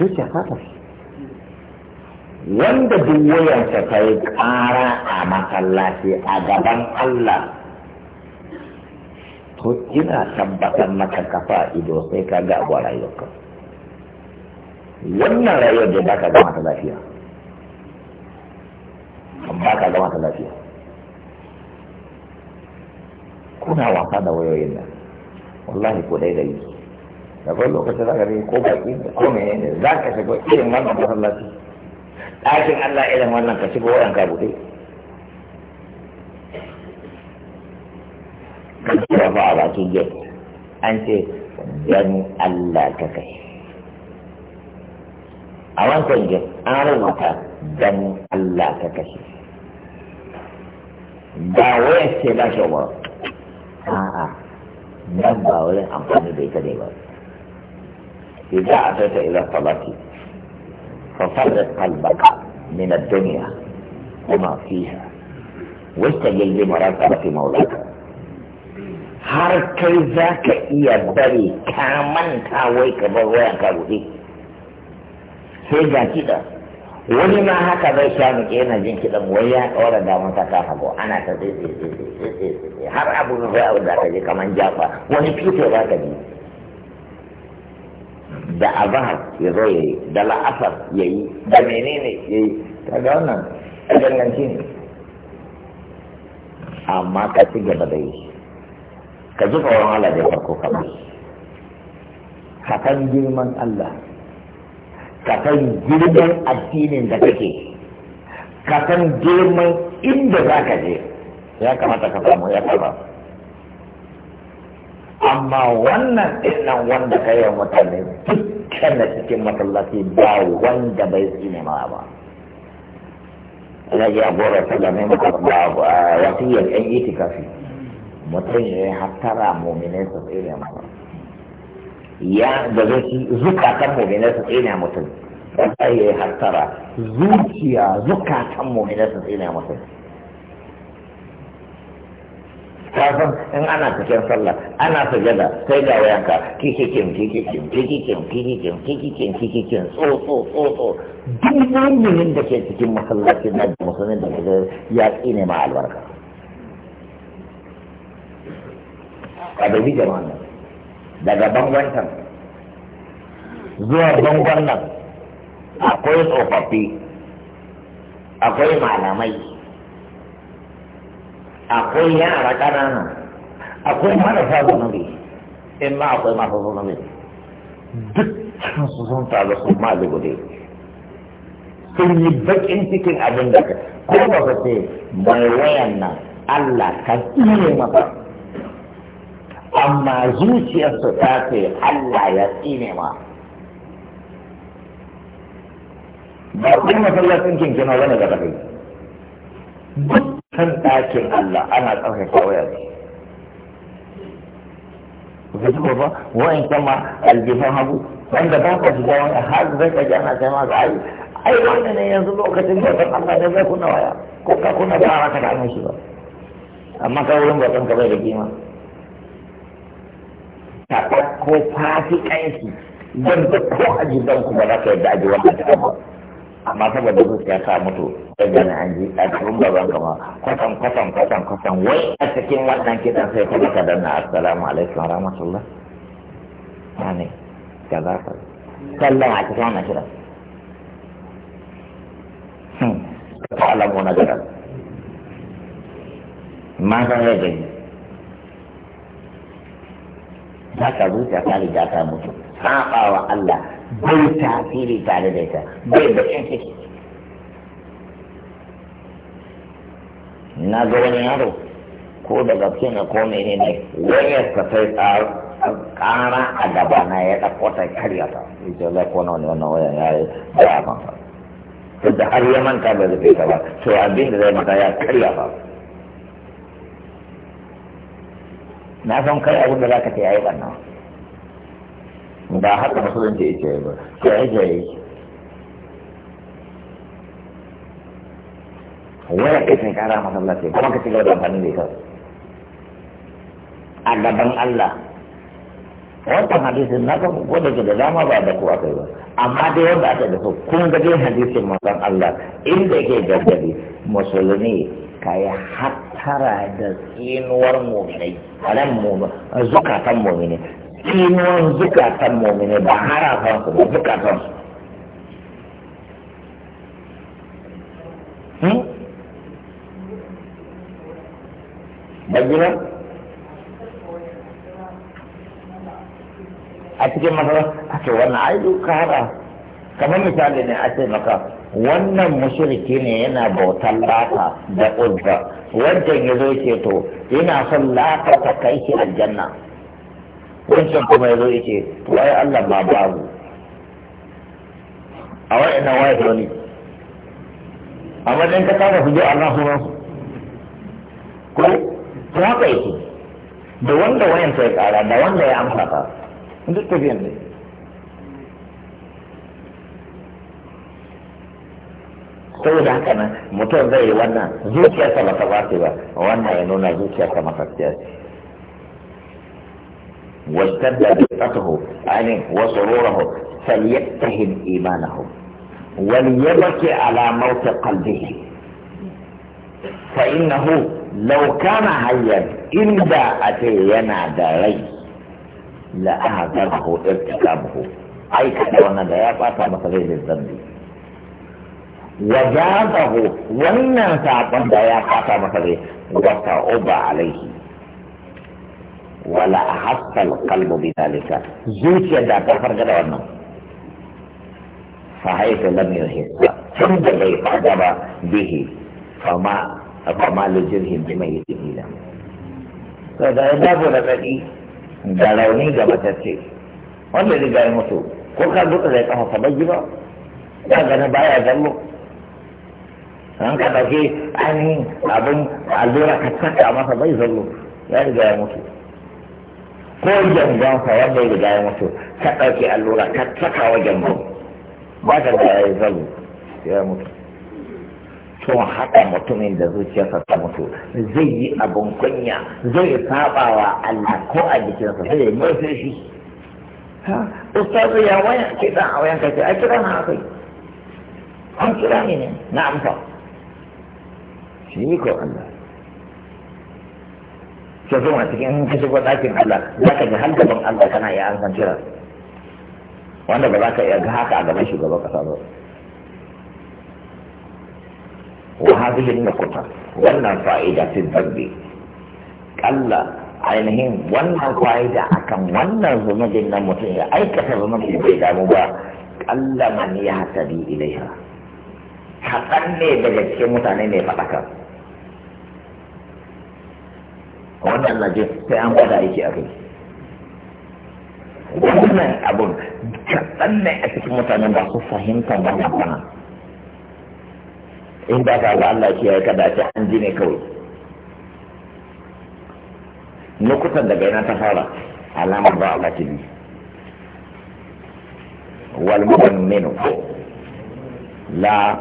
zuciya ta tafi wanda duk wayarsa ta yi ƙara a masallaci a gaban Allah to ina tabbatar maka kafa ido sai ka ga abuwa rayuwarka wannan rayuwar da ba ka gama ta lafiya ba ka gama ta lafiya kuna wasa da wayoyin nan wallahi ko dai da yi da kwai lokacin za ne, ko baki ko mene ne za ka shiga irin wannan masallaci ɗakin Allah irin wannan ka shigo wayan ka buɗe ka kira fa a bakin gate an ce dan Allah ka kai a wancan gate an rubuta dan Allah ka kai ba wayar sai ba shi ba a'a nan ba wurin amfani da ita ne ba. Idan a ta ila salati ففرق قلبك من الدنيا وما فيها واستجل بمراقبة مولاك har kai za ka iya bari ka manta wai ka bar wayan ka buɗe sai ga kiɗa wani ma haka bai sha muke yana jin kiɗan wai ya da damar ta kafa ko ana ta tsaye har abu zai abu da ka je kamar jafa wani fito ba ka ji da azahar ya zo ya yi da la'asar ya yi da menene ya yi kaga wannan ganganci ne amma ka ci gaba da yi ka ji tsoron Allah da farko ka ba ka san girman Allah ka san girman addinin da kake ka san girman inda za ka je ya kamata ka samu ya saba amma wannan ɗinnan wanda ka yi mutane dukkan da cikin masallaci ba wanda bai tsine ma ba alaji abuwar sallamai makarba wasiyar iti kafi mutum ya yi hattara mominai su tsine masa ya da zai zukatan mominai su tsine mutum ya yi hattara zuciya zukatan mominai su tsine mutum ka san in ana cikin sallah ana sujada sai ga wayanka kikikin kin kikikin kin kikikin kin so so so so duk muminin da ke cikin masallaci na musulmin da ke ya tsine ma albarka a da bi jama'a daga bangwantan zuwa bangon nan akwai tsofaffi akwai malamai akwai yara ƙanana akwai marasa zunubi in ma akwai masu zunubi duk su sun taru su malibu ne sun yi bakin cikin abin da ka ko ba ka ce mai wayan nan Allah ka tsire masa amma zuciyarsu ta ce Allah ya tsine ma ba kuma masallacin kinkina wani da kai duk kan ɗakin Allah ana tsarkake waya ne ka duba ba wa'in kama aljifan hagu wanda ba ka shiga wani har zai ka ji ana sai ma ai ai wannan ne yanzu lokacin da ka kama da zai kuna waya ko ka kuna ba haka da shi ba amma ka wurin ba san ka bai da kima ta ko fasikanci don da ko ajiban ku ba za ka yadda ajiwan da amma saboda ya sa mutu daga na an ji a cikin gaban gama kwatan kwatan kwatan kwatan wai a cikin wannan kitan sai kuma ka danna assalamu alaikum rahmatullah ya ne ga za ka sallan a cikin wannan kitan hmm, ta alamu na gara ma san zai gani za ka ya ta riga ta mutu saɓa wa Allah bai tasiri tare da ita bai bakin ciki na ga wani yaro ko daga cikin ko mene ne wayar ka sai ƙara a gaba na ya ɗauko ta karya ta ita la ko na wani wayar ya yi da ya fa, to da har ya manta da zai ta ba to abin da zai mata ya karya ba na san kai abin da za ka ta yayi wannan ba haka musulunci ya ba sai ya yi wani kai kara masallaci kuma ka ci da amfani da ita a gaban Allah Wata hadisin na kan wanda ke da dama ba da ku aka yi ba amma dai wanda aka da so kun ga dai hadisin manzon Allah inda yake gargadi musulmi ka yi hattara da tsinuwar muminai anan mumin zukatan muminai kinuwan zukatan momine ba harafan su ba zukatan su hmm? bagina a cikin masana a ce wannan aiki kara kamar misali ne a ce maka wannan mashirki ne yana bautan lata da uzza wajen ya zo ce to yana son lata ta kai shi aljanna wancan kuma ya zo ya ce waye Allah ba babu a wa'in nan waye wani amma dan ka kama su je Allah sunan su ko haka yake da wanda wayan sai kara da wanda ya amsa ka duk tafiyan ne saboda haka nan mutum zai yi wannan zuciyarsa ba ta ba wannan ya nuna zuciyarsa makaskiya ce وازداد دقته يعني وسروره فليتهم إيمانه وليبكي على موت قلبه فإنه لو كان حيا إلا أتينا داري لاعذره ارتكابه أي كذا وانا يا فاتا بصغير الذنب وجازه وانا ساعة يا فاتا بصغير وتعوب عليه wala a hassal qalbu bi zalika zuciyar da ta farga da wannan fa haifa lam yuhissa tun da bai fada ba bihi ma fama lijirhin bi mai yidila to da babu radadi da rauni ga matacce wanda zai ya mutu ko ka duka zai kafa fa bai ba ya gani baya zallo an ka dauke ainihin abin allura ka tsaka masa bai zallo ya riga ya mutu ko ka wanda ya riga ya mutu ka ɗauke allura ka saka wa jangon ba ka da ya yi zalu ya mutu to haka mutumin da zuciyarsa ta mutu zai yi abun kunya zai saba wa Allah ko a jikinsa sai mai sai shi ustazu ya waya ke dan a wayan ce, a kira na akai an kira ni ne na amsa shi ko Allah ke zo a cikin ka shigo ɗakin Allah za ka ji har gaban Allah kana ya an san kira wanda ba za ka iya ga haka a gaban shugaban kasa ba wa hadhihi nuqta wannan fa'ida fi dhanbi Allah ainihin wannan fa'ida akan wannan zunubin na mutum ya aikata zunubi bai damu ba Allah man ya hasadi ilaiha hakan ne daga cikin mutane ne faɗaka wannan laje sai an fada aiki a kai wannan abun kaɗan ne a cikin mutanen ba su fahimta na fana. in ba ka ga Allah ke ya kada ce an ji ne kawai lokutan daga yana ta fara alamar ba Allah ke bi wal mu'minu la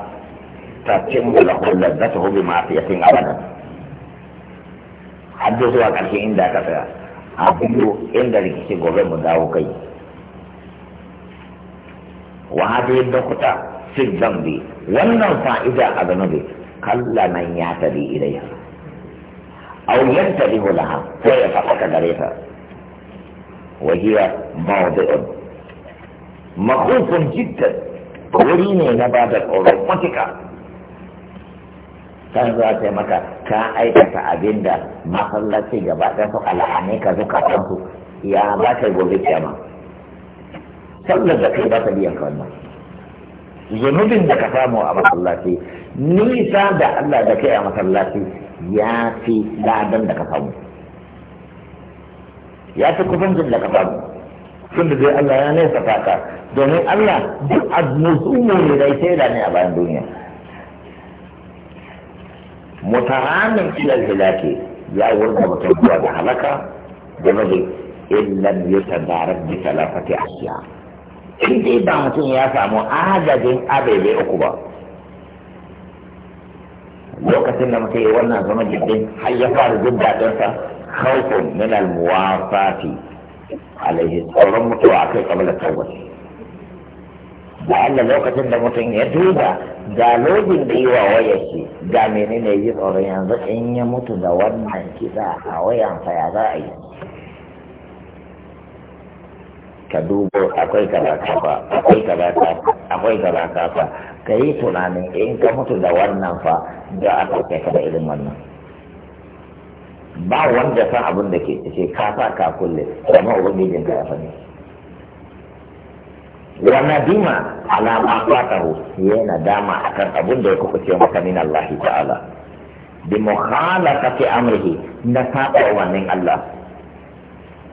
ta tatimmu lahu ladzatuhu bi ma'siyatin abadan har da zuwa ƙarshe inda aka tsaya a biyu inda rikici gobe mu dawo kai wa hadi dokuta fi zambi wannan fa'ida a zanubi kalla nan ya tabi ilaiha aw yantadi laha ko ya fafaka gare ta wa hiya mawdi'un makhufun jiddan wuri ne na bada tsoron matuƙa kan za ta maka ka aikata abin da masallaci gaba ɗan su la'ane ka zuka su ya ba ta gobe kyama sallar da kai ba ta biyan ka wannan zunubin da ka samu a masallaci nisa da Allah da kai a masallaci ya fi ladan da ka samu ya fi kusancin da ka samu da zai Allah ya nesa taka domin Allah duk azmusu mu ne dai sai da ne a bayan duniya متعامل الى الهلاك لا يرضى متوجه بحلقة بمجي ان لم يتدارك بثلاثه اشياء ان دي بعثين يا سامو عدد ابي بيقبا لوكاسين لما تيجي ولنا زمان جدا هل يفعل جدا تنسى خوف من الموافاة عليه السلام متوافق قبل التوبه Allah lokacin da mutum ya duba ga lobin da yi wa wayar shi ga menene yi tsoron yanzu in ya mutu da wannan kisa a wayansa ya za a yi ka dubo akwai kaza kafa akwai kaza kafa akwai kaza kafa ka yi tunanin in ka mutu da wannan fa da a ɗauke ka da irin wannan ba wanda san abin da ke ce kafa ka kulle kuma ubangijin ka ya fani wa dima ala ma fatahu yana dama akan abin da ya kuka maka min Allah ta'ala bi fi amrihi na saba wannan Allah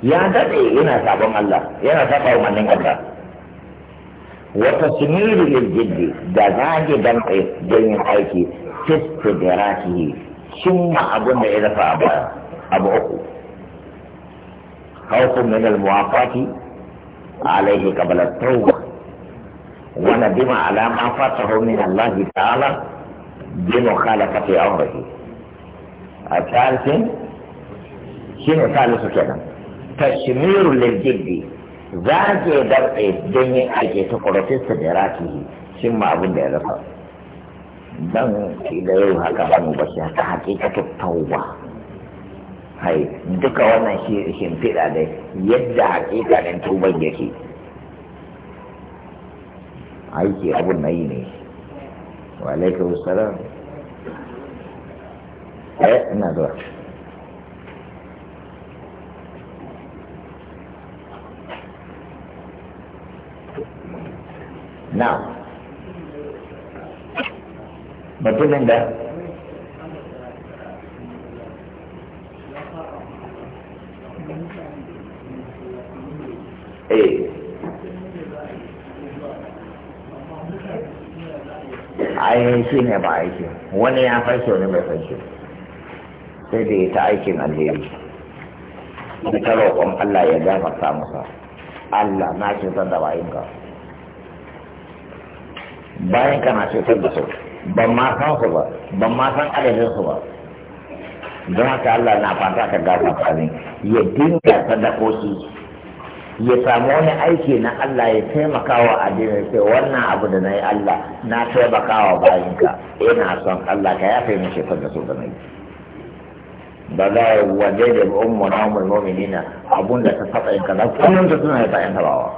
ya dade yana sabon Allah yana saba wannan Allah wa tasmiru lil jiddi da zage dan dan yin aiki tistidrakihi ma abun da ya dafa abu abu uku khawfun min al muwafati alaihi qabla tawba وندم على ما فاته من الله تعالى بمخالفة أمره الثالث شنو ثالث كده تشمير للجد ذاك درء الدنيا أجي تقرأ استدراكه ثم أبن درسه dan da yau haka ba mu bashi haka ta tauba hai duka wannan shi shimfiɗa da yadda hakikanin tuban yake aiki abun na yi ne wa alaikawar salam eh ina zuwa now mutumin da eh ai shi ne ba aiki wani ya fashe wani bai fashe sai da ya ta aikin alheri da ta roƙon Allah ya gafarta masa Allah na cutar da bayinka bayan ka kana cutar da su ban ma san su ba ban ma san adadin su ba don haka Allah na fata ka gafarta ne ya dinga sadakoki ya samu wani aiki na Allah ya taimaka wa addini sai wannan abu da na yi Allah na taimaka wa bayinka ina son Allah ka yafe min shekar da su da na yi ba za waje da ummu na umar mu'minina abun da ta faɗa in kaza kullum ta suna ya bayan tabawa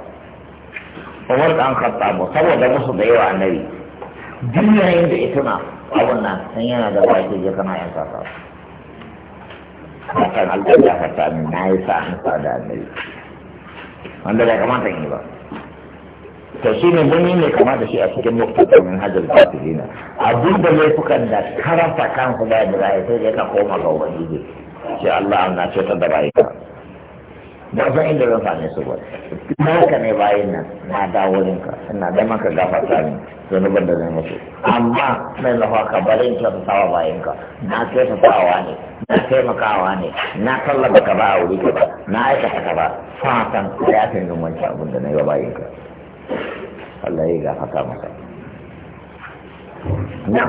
umar dan mu saboda musu da yawa annabi duk yayin da ita ma abun nan san yana da ke je kana yan sasa hakan Allah ya fata min nayi sa an sa da annabi wanda ya kamata yi ba to shi ne mun yi ne kamata shi a cikin muktatar min hajjar fatilina abin da laifukan da karanta kansu da yadda sai ka koma ga ubangiji shi Allah an na cutar da rayuka ba san inda zan same su ba naka ne bayan nan na dawo ka ina da maka gafa ne zanubar da zan mutu amma mai lafa ka barin kyautatawa bayan ka na kyautatawa ne na taimakawa ne na tallaba ka ba a wuri ba na aikata ka ba fatan ya san yin wancan abin da na yi wa bayin ka Allah ya maka na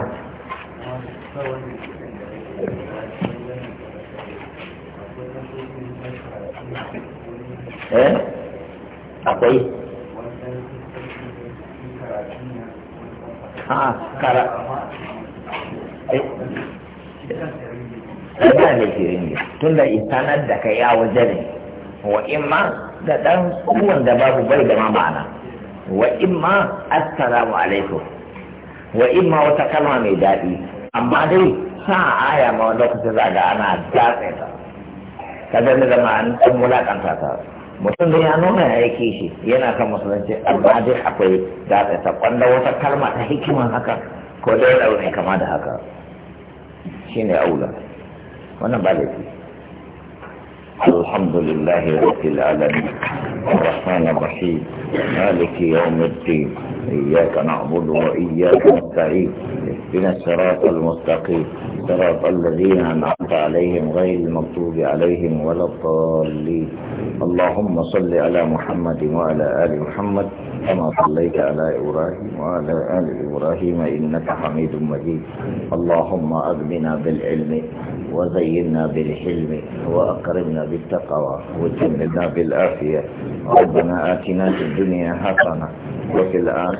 eh akwai ha ah, kara eh da laifirin ne tun da isanar da ka ya waje ne wa imma da ɗan tsohon da babu bai da ma'ana wa imma assalamu alaikum wa imma wata kalma mai daɗi amma dai sa aya ma lokacin za ga ana datse ta kada da zama an ɗan ta mutum da ya nuna ya yake shi yana kan musulunci amma dai akwai datse ta kwanda wata kalma ta hikiman haka ko dai wani kama da haka shine aula وانا ba الحمد لله رب العالمين الرحمن الرحيم مالك يوم الدين إياك نعبد وإياك نستعين اهدنا الصراط المستقيم صراط الذين أنعمت عليهم غير المغضوب عليهم ولا الضالين اللهم صل على محمد وعلى آل محمد كما صليت على إبراهيم وعلى آل إبراهيم إنك حميد مجيد اللهم أغننا بالعلم وزينا بالحلم وأكرمنا بالتقوى وجنبنا بالعافية ربنا آتنا في الدنيا حسنة وفي الآخرة